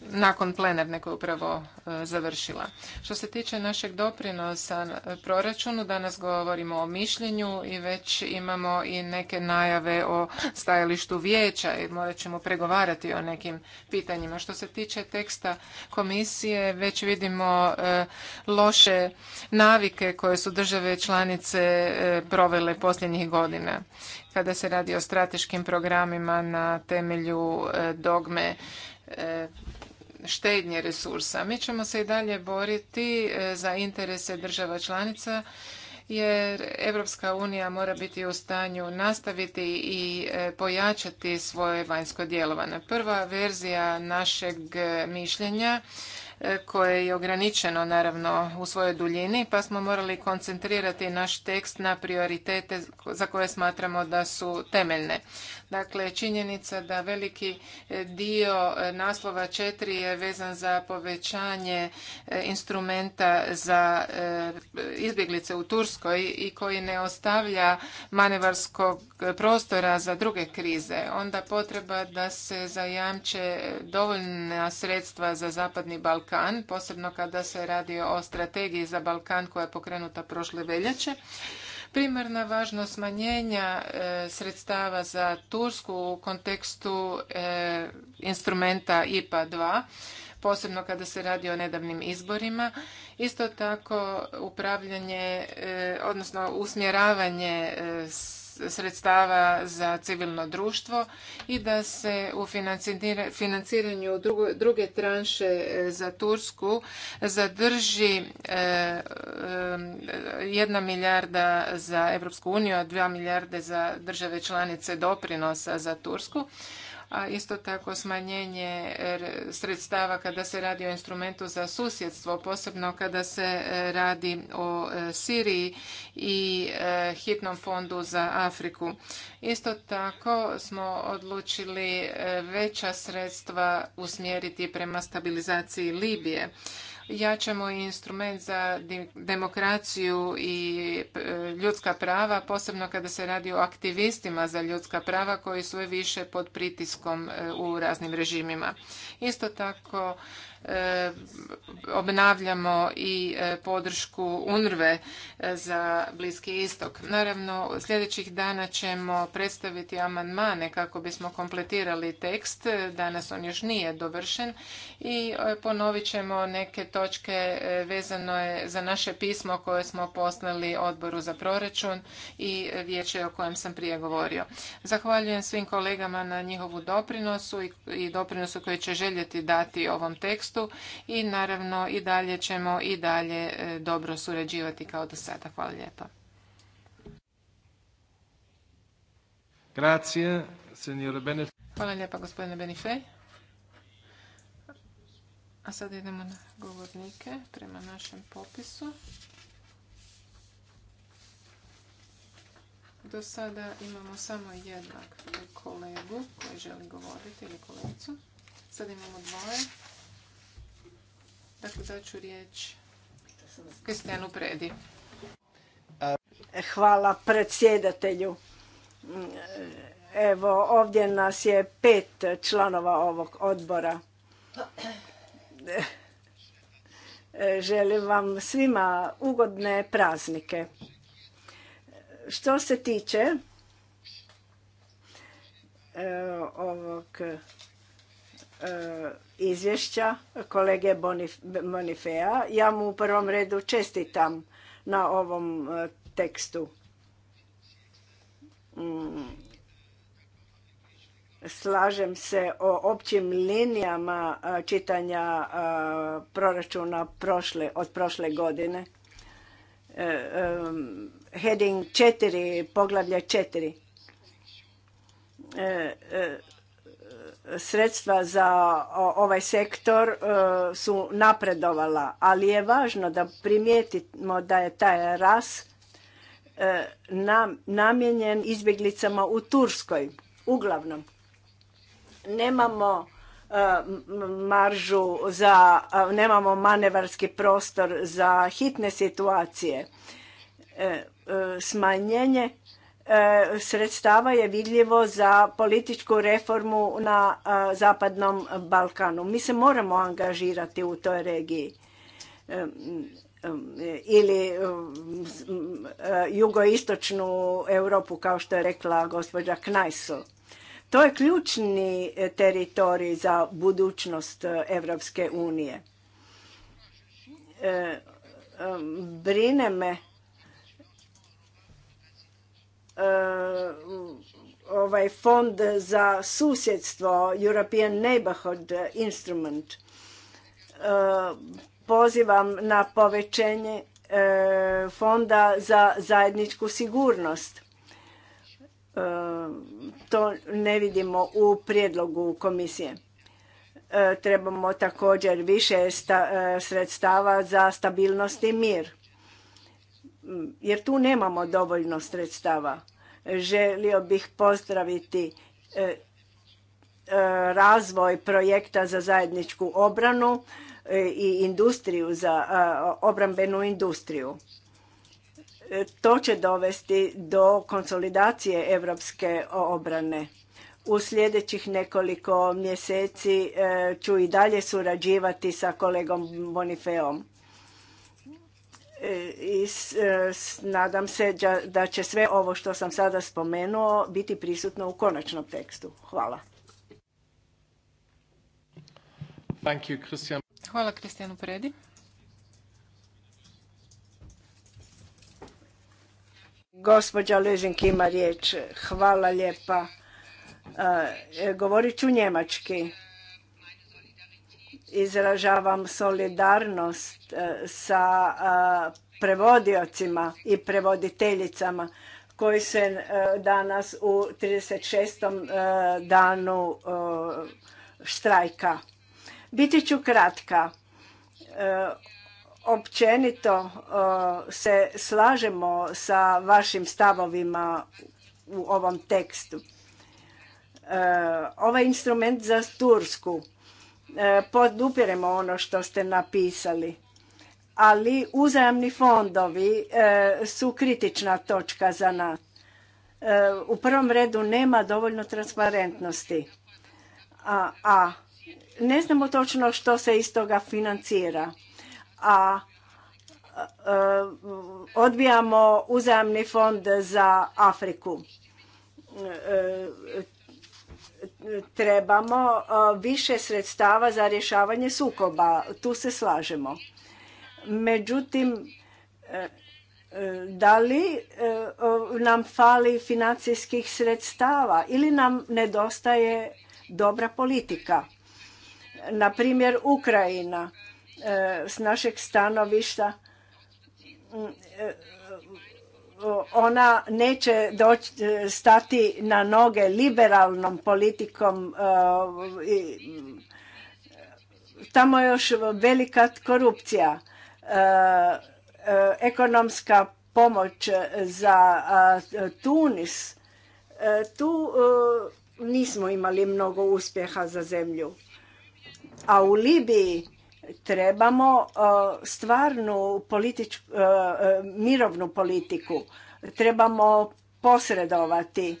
nakon plenarne koja je upravo e, završila. Što se tiče našeg doprinosa proračunu, danas govorimo o mišljenju i već imamo i neke najave o stajalištu vijeća i morat ćemo pregovarati o nekim pitanjima. Što se tiče teksta komisije, već vidimo e, loše navike koje su države članice e, provele posljednjih godina kada se radi o strateškim programima na temelju dogme E, štednje resursa. Mi ćemo se i dalje boriti e, za interese država članica jer Europska unija mora biti u stanju nastaviti i e, pojačati svoje vanjsko djelovanje. Prva verzija našeg mišljenja koje je ograničeno naravno u svojoj duljini, pa smo morali koncentrirati naš tekst na prioritete za koje smatramo da su temeljne. Dakle, činjenica da veliki e, dio e, naslova četiri je vezan za povećanje e, instrumenta za izbjeglice u Turskoj i koji ne ostavlja manevarskog prostora za druge krize. Onda potreba da se zajamče dovoljna sredstva za Zapadni Balkan, posebno kada se radi o strategiji za Balkan koja je pokrenuta prošle veljače primarna važnost smanjenja e, sredstava za Tursku u kontekstu e, instrumenta IPA 2 posebno kada se radi o nedavnim izborima. Isto tako upravljanje, e, odnosno usmjeravanje sredstava za civilno društvo i da se u financiranju druge tranše e, za Tursku zadrži e, e, jedna milijarda za Europsku uniju, a dva milijarde za države članice doprinosa za Tursku a isto tako smanjenje er, sredstava kada se radi o instrumentu za susjedstvo, posebno kada se e, radi o e, Siriji i e, hitnom fondu za Afriku. Isto tako smo odlučili veća sredstva usmjeriti prema stabilizaciji Libije jačamo instrument za demokraciju i e, ljudska prava, posebno kada se radi o aktivistima za ljudska prava koji su više pod pritiskom e, u raznim režimima. Isto tako E, obnavljamo i e, podršku UNRVE e, za Bliski istok. Naravno, sljedećih dana ćemo predstaviti amandmane kako bismo kompletirali tekst. Danas on još nije dovršen i ponovit ćemo neke točke vezano je za naše pismo koje smo poslali odboru za proračun i vijeće o kojem sam prije govorio. Zahvaljujem svim kolegama na njihovu doprinosu i doprinosu koji će željeti dati ovom tekstu i naravno i dalje ćemo i dalje e, dobro surađivati kao do sada. Hvala lijepa. Grazie, Hvala lijepa gospodine Benifej. A sada idemo na govornike prema našem popisu. Do sada imamo samo jednog kolegu koji želi govoriti ili kolegicu. Sad imamo dvoje. Dakle, daću riječ Kristijanu Predi. Hvala predsjedatelju. Evo, ovdje nas je pet članova ovog odbora. Želim vam svima ugodne praznike. Što se tiče e, ovog E, izvješća kolege Bonifea. Ja mu u prvom redu čestitam na ovom e, tekstu. Mm. Slažem se o općim linijama e, čitanja proračuna prošle, od prošle godine. Heading 4, poglavlje 4 sredstva za ovaj sektor e, su napredovala, ali je važno da primijetimo da je taj ras e, namijenjen izbjeglicama u Turskoj. Uglavnom, nemamo e, maržu za, nemamo manevarski prostor za hitne situacije. Smanjenje E, sredstava je vidljivo za političku reformu na e, Zapadnom Balkanu. Mi se moramo angažirati u toj regiji e, ili jugoistočnu Europu, kao što je rekla gospođa Kneisel. To je ključni teritorij za budućnost Evropske unije. Brine me Uh, mm, ovaj fond za susjedstvo European Neighborhood Instrument uh, pozivam na povećenje uh, fonda za zajedničku sigurnost to ne vidimo u prijedlogu komisije trebamo također više sredstava za stabilnost i mir jer tu nemamo dovoljno sredstava. Želio bih pozdraviti e, e, razvoj projekta za zajedničku obranu e, i industriju za obrambenu industriju. To će dovesti do konsolidacije evropske obrane. U sljedećih nekoliko mjeseci ću i dalje surađivati sa kolegom Bonifeom E, i e, nadam se da će sve ovo što sam sada spomenuo biti prisutno u konačnom tekstu. Hvala. Thank you, Hvala Kristijanu Predi. Gospođa Lezink ima riječ. Hvala lijepa. E, govorit ću njemački. Izražavam solidarnost e, sa e, prevodiocima i prevoditeljicama koji se e, danas u 36. danu štrajka. Biti ću kratka. Općenito se slažemo sa vašim stavovima u ovom tekstu. Ovaj instrument za Tursku E, podupiremo ono što ste napisali. Ali uzajamni fondovi e, su kritična točka za nas. E, u prvom redu nema dovoljno transparentnosti. A, a ne znamo točno što se iz toga financira. A odbijamo uzajamni fond za Afriku trebamo više sredstava za rješavanje sukoba. Tu se slažemo. Međutim, e, e, da li e, nam fali financijskih sredstava ili nam nedostaje dobra politika. Na primjer, Ukrajina s našeg stanovišta ona neće doći, e, stati na noge liberalnom politikom. E, e, tamo je još velika korupcija. Ekonomska pomoć za Tunis. Tu nismo imali mnogo uspjeha za zemlju. A u Libiji Trebamo uh, stvarnu uh, uh, mirovnu politiku. Trebamo posredovati.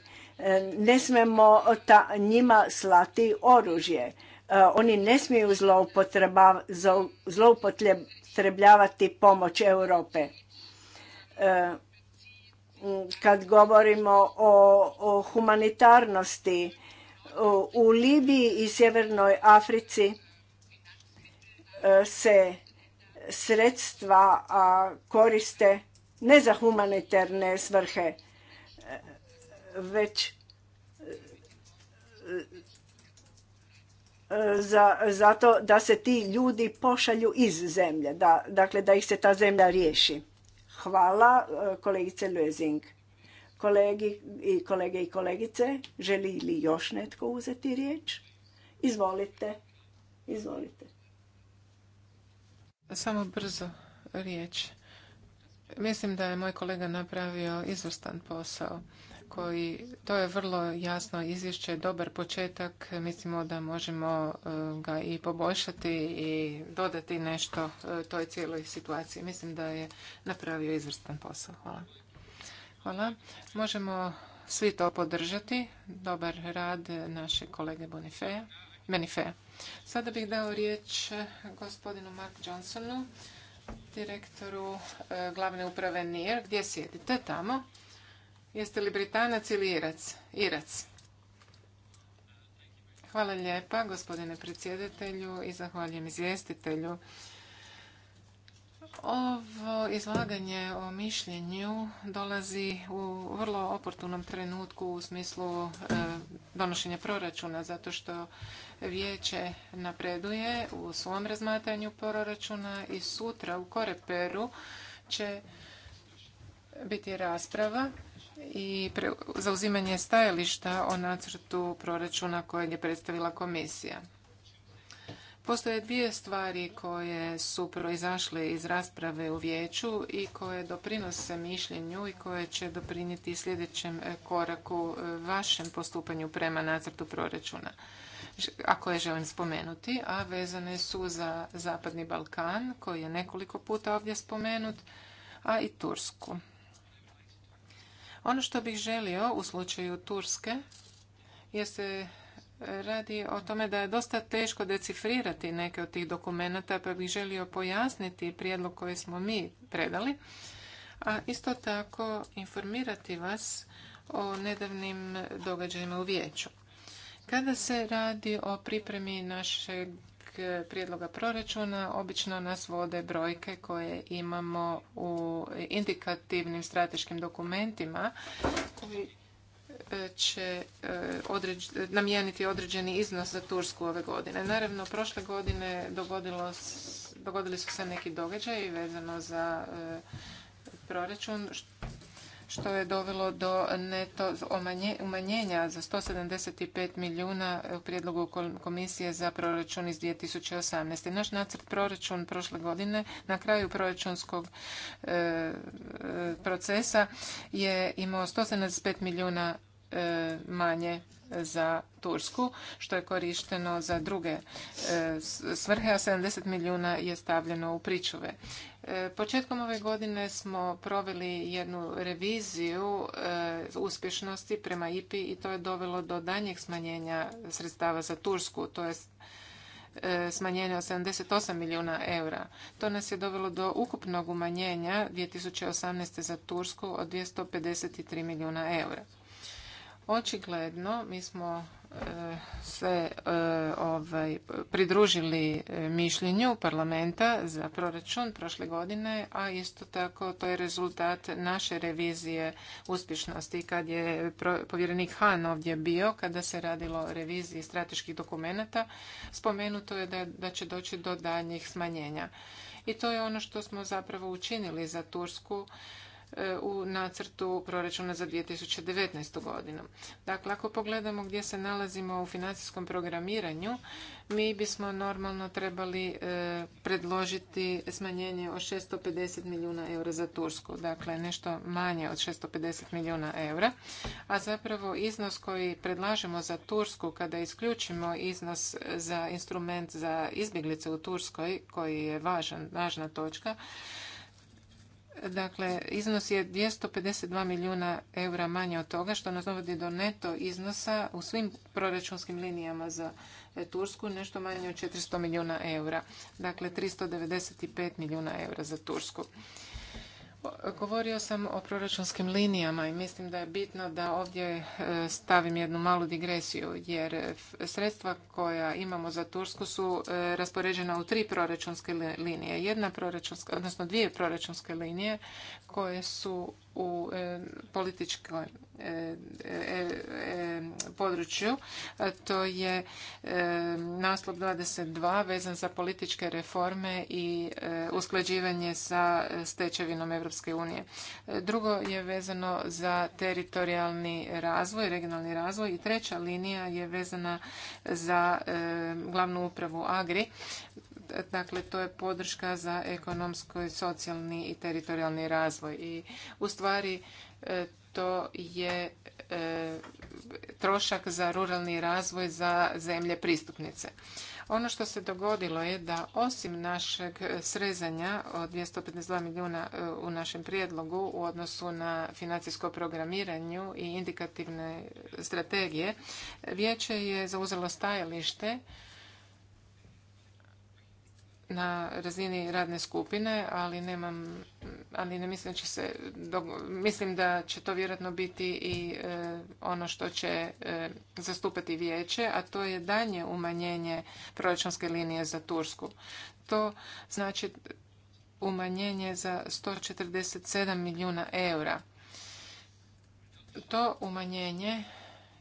Ne smemo njima slati oružje. Oni ne smiju zloupotrebljavati pomoć Europe kad govorimo o, humanitarnosti u Libiji i Sjevernoj Africi E, se sredstva koriste ne za humanitarne svrhe, e, već e, za, zato da se ti ljudi pošalju iz zemlje, dakle da ih se ta zemlja riješi. Hvala kolegice Lezing. Kolegi i kolege i kolegice, želi li još netko uzeti riječ? Izvolite. Izvolite. Samo brzo riječ. Mislim da je moj kolega napravio izvrstan posao koji, to je vrlo jasno izvješće, dobar početak, mislimo da možemo e, ga i poboljšati i dodati nešto e, toj cijeloj situaciji. Mislim da je napravio izvrstan posao. Hvala. Hvala. Možemo svi to podržati, dobar rad naše kolege Bonifeja, Benifeja. Sada bih dao riječ gospodinu Mark Johnsonu, direktoru e, glavne uprave NIR. Gdje sjedite? Tamo. Jeste li Britanac ili Irac? Irac. Hvala lijepa gospodine predsjedatelju i zahvaljujem izvjestitelju ovo izlaganje o mišljenju dolazi u vrlo oportunom trenutku u smislu e, donošenja proračuna, zato što vijeće napreduje u svom razmatranju proračuna i sutra u Koreperu će biti rasprava i zauzimanje stajališta o nacrtu proračuna kojeg je predstavila komisija. Postoje dvije stvari koje su proizašle iz rasprave u vijeću i koje doprinose mišljenju i koje će doprinijeti sljedećem e, koraku e, vašem postupanju prema nacrtu proračuna a koje želim spomenuti, a vezane su za Zapadni Balkan, koji je nekoliko puta ovdje spomenut, a i Tursku. Ono što bih želio u slučaju Turske jeste radi o tome da je dosta teško decifrirati neke od tih dokumenata, pa bih želio pojasniti prijedlog koji smo mi predali, a isto tako informirati vas o nedavnim događajima u vijeću. Kada se radi o pripremi našeg prijedloga proračuna, obično nas vode brojke koje imamo u indikativnim strateškim dokumentima koji će e, namijeniti određeni iznos za Tursku ove godine. Naravno, prošle godine dogodilo, dogodili su se neki događaji vezano za e, proračun, što je dovelo do neto umanjenja za 175 milijuna u prijedlogu komisije za proračun iz 2018. Naš nacrt proračun prošle godine na kraju proračunskog e, procesa je imao 175 milijuna E, manje za Tursku, što je korišteno za druge e, svrhe, a 70 milijuna je stavljeno u pričuve. E, početkom ove godine smo proveli jednu reviziju uspješnosti prema IPI i to je dovelo do danjeg smanjenja sredstava za Tursku, to je smanjenje od 78 milijuna eura. To nas je dovelo do ukupnog umanjenja 2018. za Tursku od 253 milijuna eura. Očigledno, mi smo eh, se eh, ovaj, pridružili eh, mišljenju parlamenta za proračun prošle godine, a isto tako to je rezultat naše revizije uspješnosti. Kad je povjerenik Han ovdje bio, kada se radilo o reviziji strateških dokumenata, spomenuto je da, da će doći do daljnjih smanjenja. I to je ono što smo zapravo učinili za Tursku E, u nacrtu proračuna za 2019. godinu. Dakle, ako pogledamo gdje se nalazimo u financijskom programiranju, mi bismo normalno trebali e, predložiti smanjenje od 650 milijuna eura za Tursku, dakle nešto manje od 650 milijuna eura, a zapravo iznos koji predlažemo za Tursku kada isključimo iznos za instrument za izbjeglice u Turskoj, koji je važan, važna točka, Dakle, iznos je 252 milijuna eura manje od toga, što nas dovodi do neto iznosa u svim proračunskim linijama za e, Tursku, nešto manje od 400 milijuna eura. Dakle, 395 milijuna eura za Tursku. Govorio sam o proračunskim linijama i mislim da je bitno da ovdje e, stavim jednu malu digresiju, jer e, sredstva koja imamo za Tursku su e, raspoređena u tri proračunske linije. Jedna proračunska, odnosno dvije proračunske linije koje su u e, političkom e, e, području. To je naslov 22 vezan za političke reforme i usklađivanje sa stečevinom Europske unije. Drugo je vezano za teritorijalni razvoj, regionalni razvoj i treća linija je vezana za glavnu upravu Agri dakle to je podrška za ekonomski, socijalni i teritorijalni razvoj i u stvari e, to je e, trošak za ruralni razvoj za zemlje pristupnice. Ono što se dogodilo je da osim našeg srezanja od 252 milijuna e, u našem prijedlogu u odnosu na financijsko programiranju i indikativne strategije, vijeće je zauzelo stajalište na razini radne skupine, ali nemam, ali ne mislim da će se, mislim da će to vjerojatno biti i e, ono što će e, zastupati vijeće, a to je danje umanjenje proračunske linije za Tursku. To znači umanjenje za 147 milijuna eura. To umanjenje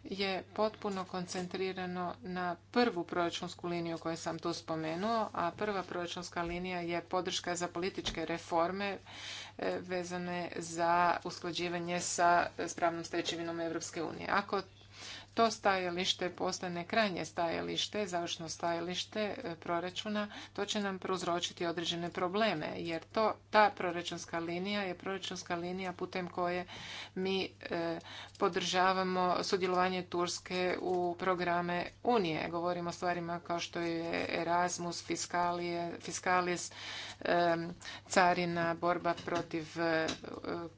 je potpuno koncentrirano na prvu proračunsku liniju koju sam tu spomenuo, a prva proračunska linija je podrška za političke reforme e, vezane za usklađivanje sa pravnom stečevinom Europske unije. Ako to stajalište postane krajnje stajalište, završno stajalište e, proračuna, to će nam prouzročiti određene probleme jer to ta proračunska linija je proračunska linija putem koje mi e, podržavamo sudjelovanje Turske u programe Unije. Govorimo o stvarima kao što je Erasmus, Fiskalije, Fiskalis, carina, borba protiv e,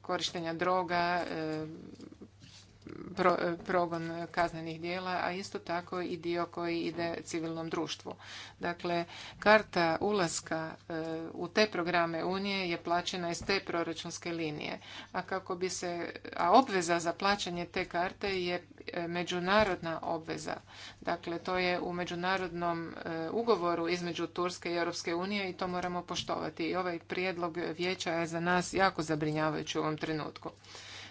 korištenja droga, progon kaznenih dijela, a isto tako i dio koji ide civilnom društvu. Dakle, karta ulaska e, u te programe Unije je plaćena iz te proračunske linije. A kako bi se, a obveza za plaćanje te karte je e, međunarodna obveza. Dakle, to je u međunarodnom e, ugovoru između Turske i Europske unije i to moramo poštovati. I ovaj prijedlog vijeća je za nas jako zabrinjavajući u ovom trenutku.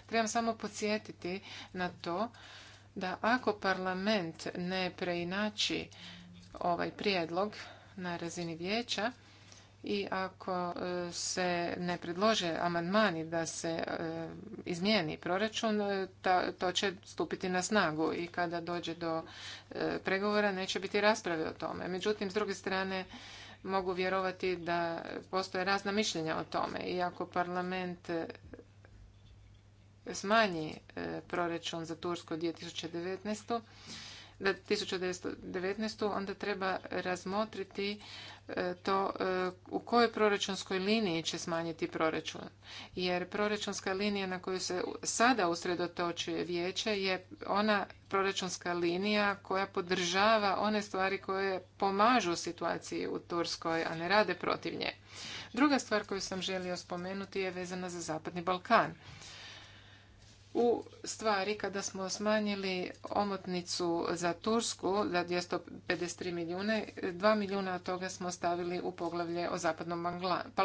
Trebam samo podsjetiti na to da ako parlament ne preinači ovaj prijedlog na razini vijeća i ako e, se ne predlože amandmani da se e, izmijeni proračun, e, to će stupiti na snagu i kada dođe do pregovora neće biti rasprave o tome. Međutim, s druge strane, mogu vjerovati da postoje razna mišljenja o tome i ako parlament smanji e, proračun za Tursku 2019. onda treba razmotriti e, to e, u kojoj proračunskoj liniji će smanjiti proračun. Jer proračunska linija na koju se sada usredotočuje vijeće je ona proračunska linija koja podržava one stvari koje pomažu situaciji u Turskoj, a ne rade protiv nje. Druga stvar koju sam želio spomenuti je vezana za Zapadni Balkan u stvari kada smo smanjili omotnicu za Tursku za 253 milijune, 2 milijuna od toga smo stavili u poglavlje o Zapadnom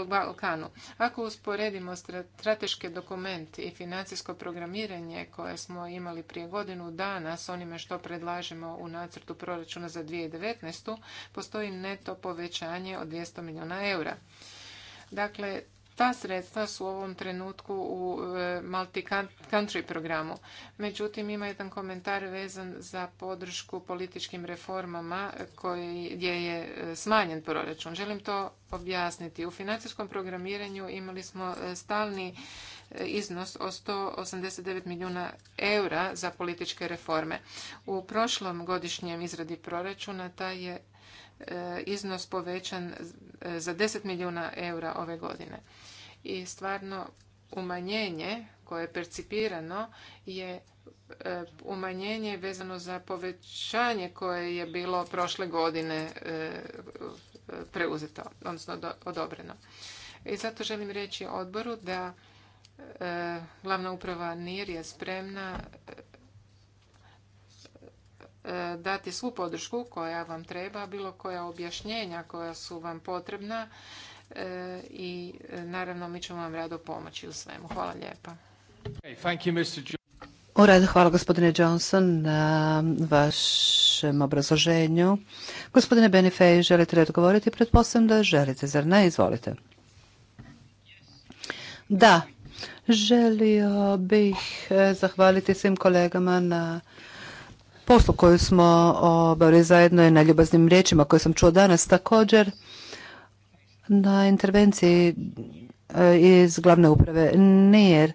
Balkanu. Ako usporedimo strateške dokumenti i financijsko programiranje koje smo imali prije godinu dana s onime što predlažemo u nacrtu proračuna za 2019. postoji neto povećanje od 200 milijuna eura. Dakle, ta sredstva su u ovom trenutku u e, multi-country programu. Međutim, ima jedan komentar vezan za podršku političkim reformama gdje je e, smanjen proračun. Želim to objasniti. U financijskom programiranju imali smo e, stalni iznos od 189 milijuna eura za političke reforme. U prošlom godišnjem izradi proračuna taj je E, iznos povećan e, za 10 milijuna eura ove godine. I stvarno umanjenje koje je percipirano je e, umanjenje vezano za povećanje koje je bilo prošle godine preuzeto, odnosno odobreno. I zato želim reći odboru da glavna uprava NIR je spremna dati svu podršku koja vam treba, bilo koja objašnjenja koja su vam potrebna e, i e, naravno mi ćemo vam rado pomoći u svemu. Hvala lijepa. U redu, hvala gospodine Johnson na vašem obrazloženju. Gospodine Benifej, želite li odgovoriti? Pretpostavljam da želite, zar ne? Izvolite. Da, želio bih e, zahvaliti svim kolegama na poslu koju smo obavili zajedno i na ljubaznim riječima koje sam čuo danas također na intervenciji e, iz glavne uprave NIR.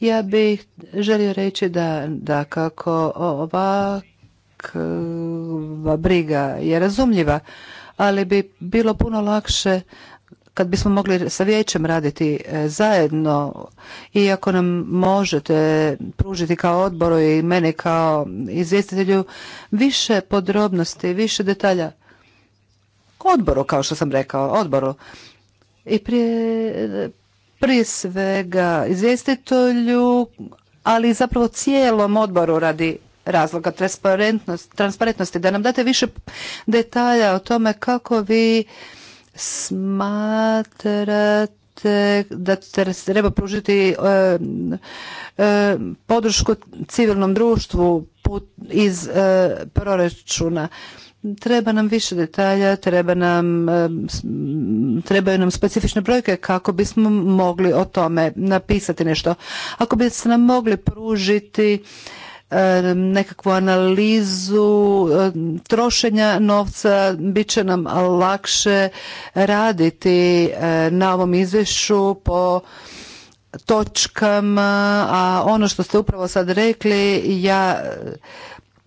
Ja bih želio reći da, da kako ovakva briga je razumljiva, ali bi bilo puno lakše kad bismo mogli sa vijećem raditi e, zajedno, iako nam možete pružiti kao odboru i mene kao izvjestitelju više podrobnosti, više detalja. Odboru, kao što sam rekao, odboru. I prije, prije svega izvjestitelju, ali zapravo cijelom odboru radi razloga transparentnosti, da nam date više detalja o tome kako vi smatrate da treba pružiti e, e, podršku civilnom društvu iz e, proračuna treba nam više detalja, treba nam, trebaju nam specifične brojke kako bismo mogli o tome napisati nešto. Ako bi se nam mogli pružiti nekakvu analizu trošenja novca, bit će nam lakše raditi na ovom izvješću po točkama, a ono što ste upravo sad rekli, ja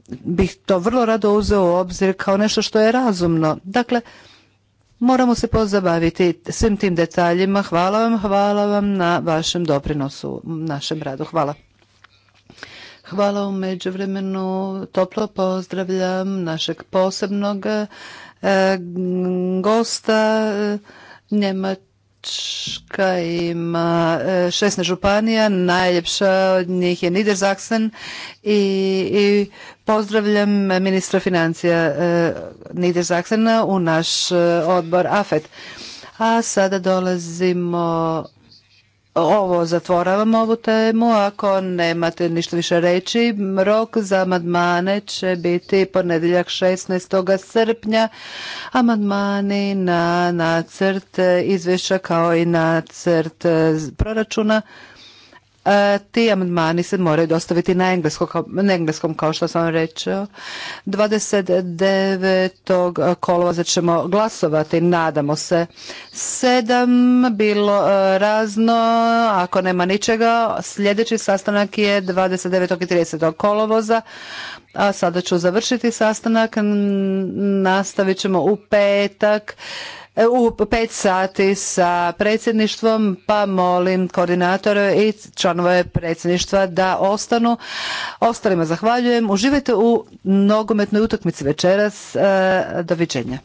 bih to vrlo rado uzeo u obzir kao nešto što je razumno. Dakle, moramo se pozabaviti svim tim detaljima. Hvala vam, hvala vam na vašem doprinosu, našem radu. Hvala. Hvala u međuvremenu. Toplo pozdravljam našeg posebnog e, gosta e, Njemačka ima 16 e, županija, najljepša od njih je Niedersachsen i, i pozdravljam ministra financija Niedersachsena u naš odbor AFET. A sada dolazimo ovo zatvoravamo ovu temu. Ako nemate ništa više reći, rok za amandmane će biti ponedjeljak 16. srpnja. Amandmani na nacrt izvješća kao i nacrt proračuna E, ti amandmani se moraju dostaviti na, engleskom, kao što sam rečeo. 29. kolovoza ćemo glasovati, nadamo se. Sedam bilo e, razno, ako nema ničega, sljedeći sastanak je 29. i 30. kolovoza. A sada ću završiti sastanak, nastavit ćemo u petak. E, u pet sati sa predsjedništvom pa molim koordinatore i članove predsjedništva da ostanu. Ostalima zahvaljujem. Uživajte u nogometnoj utakmici večeras. E, doviđenja.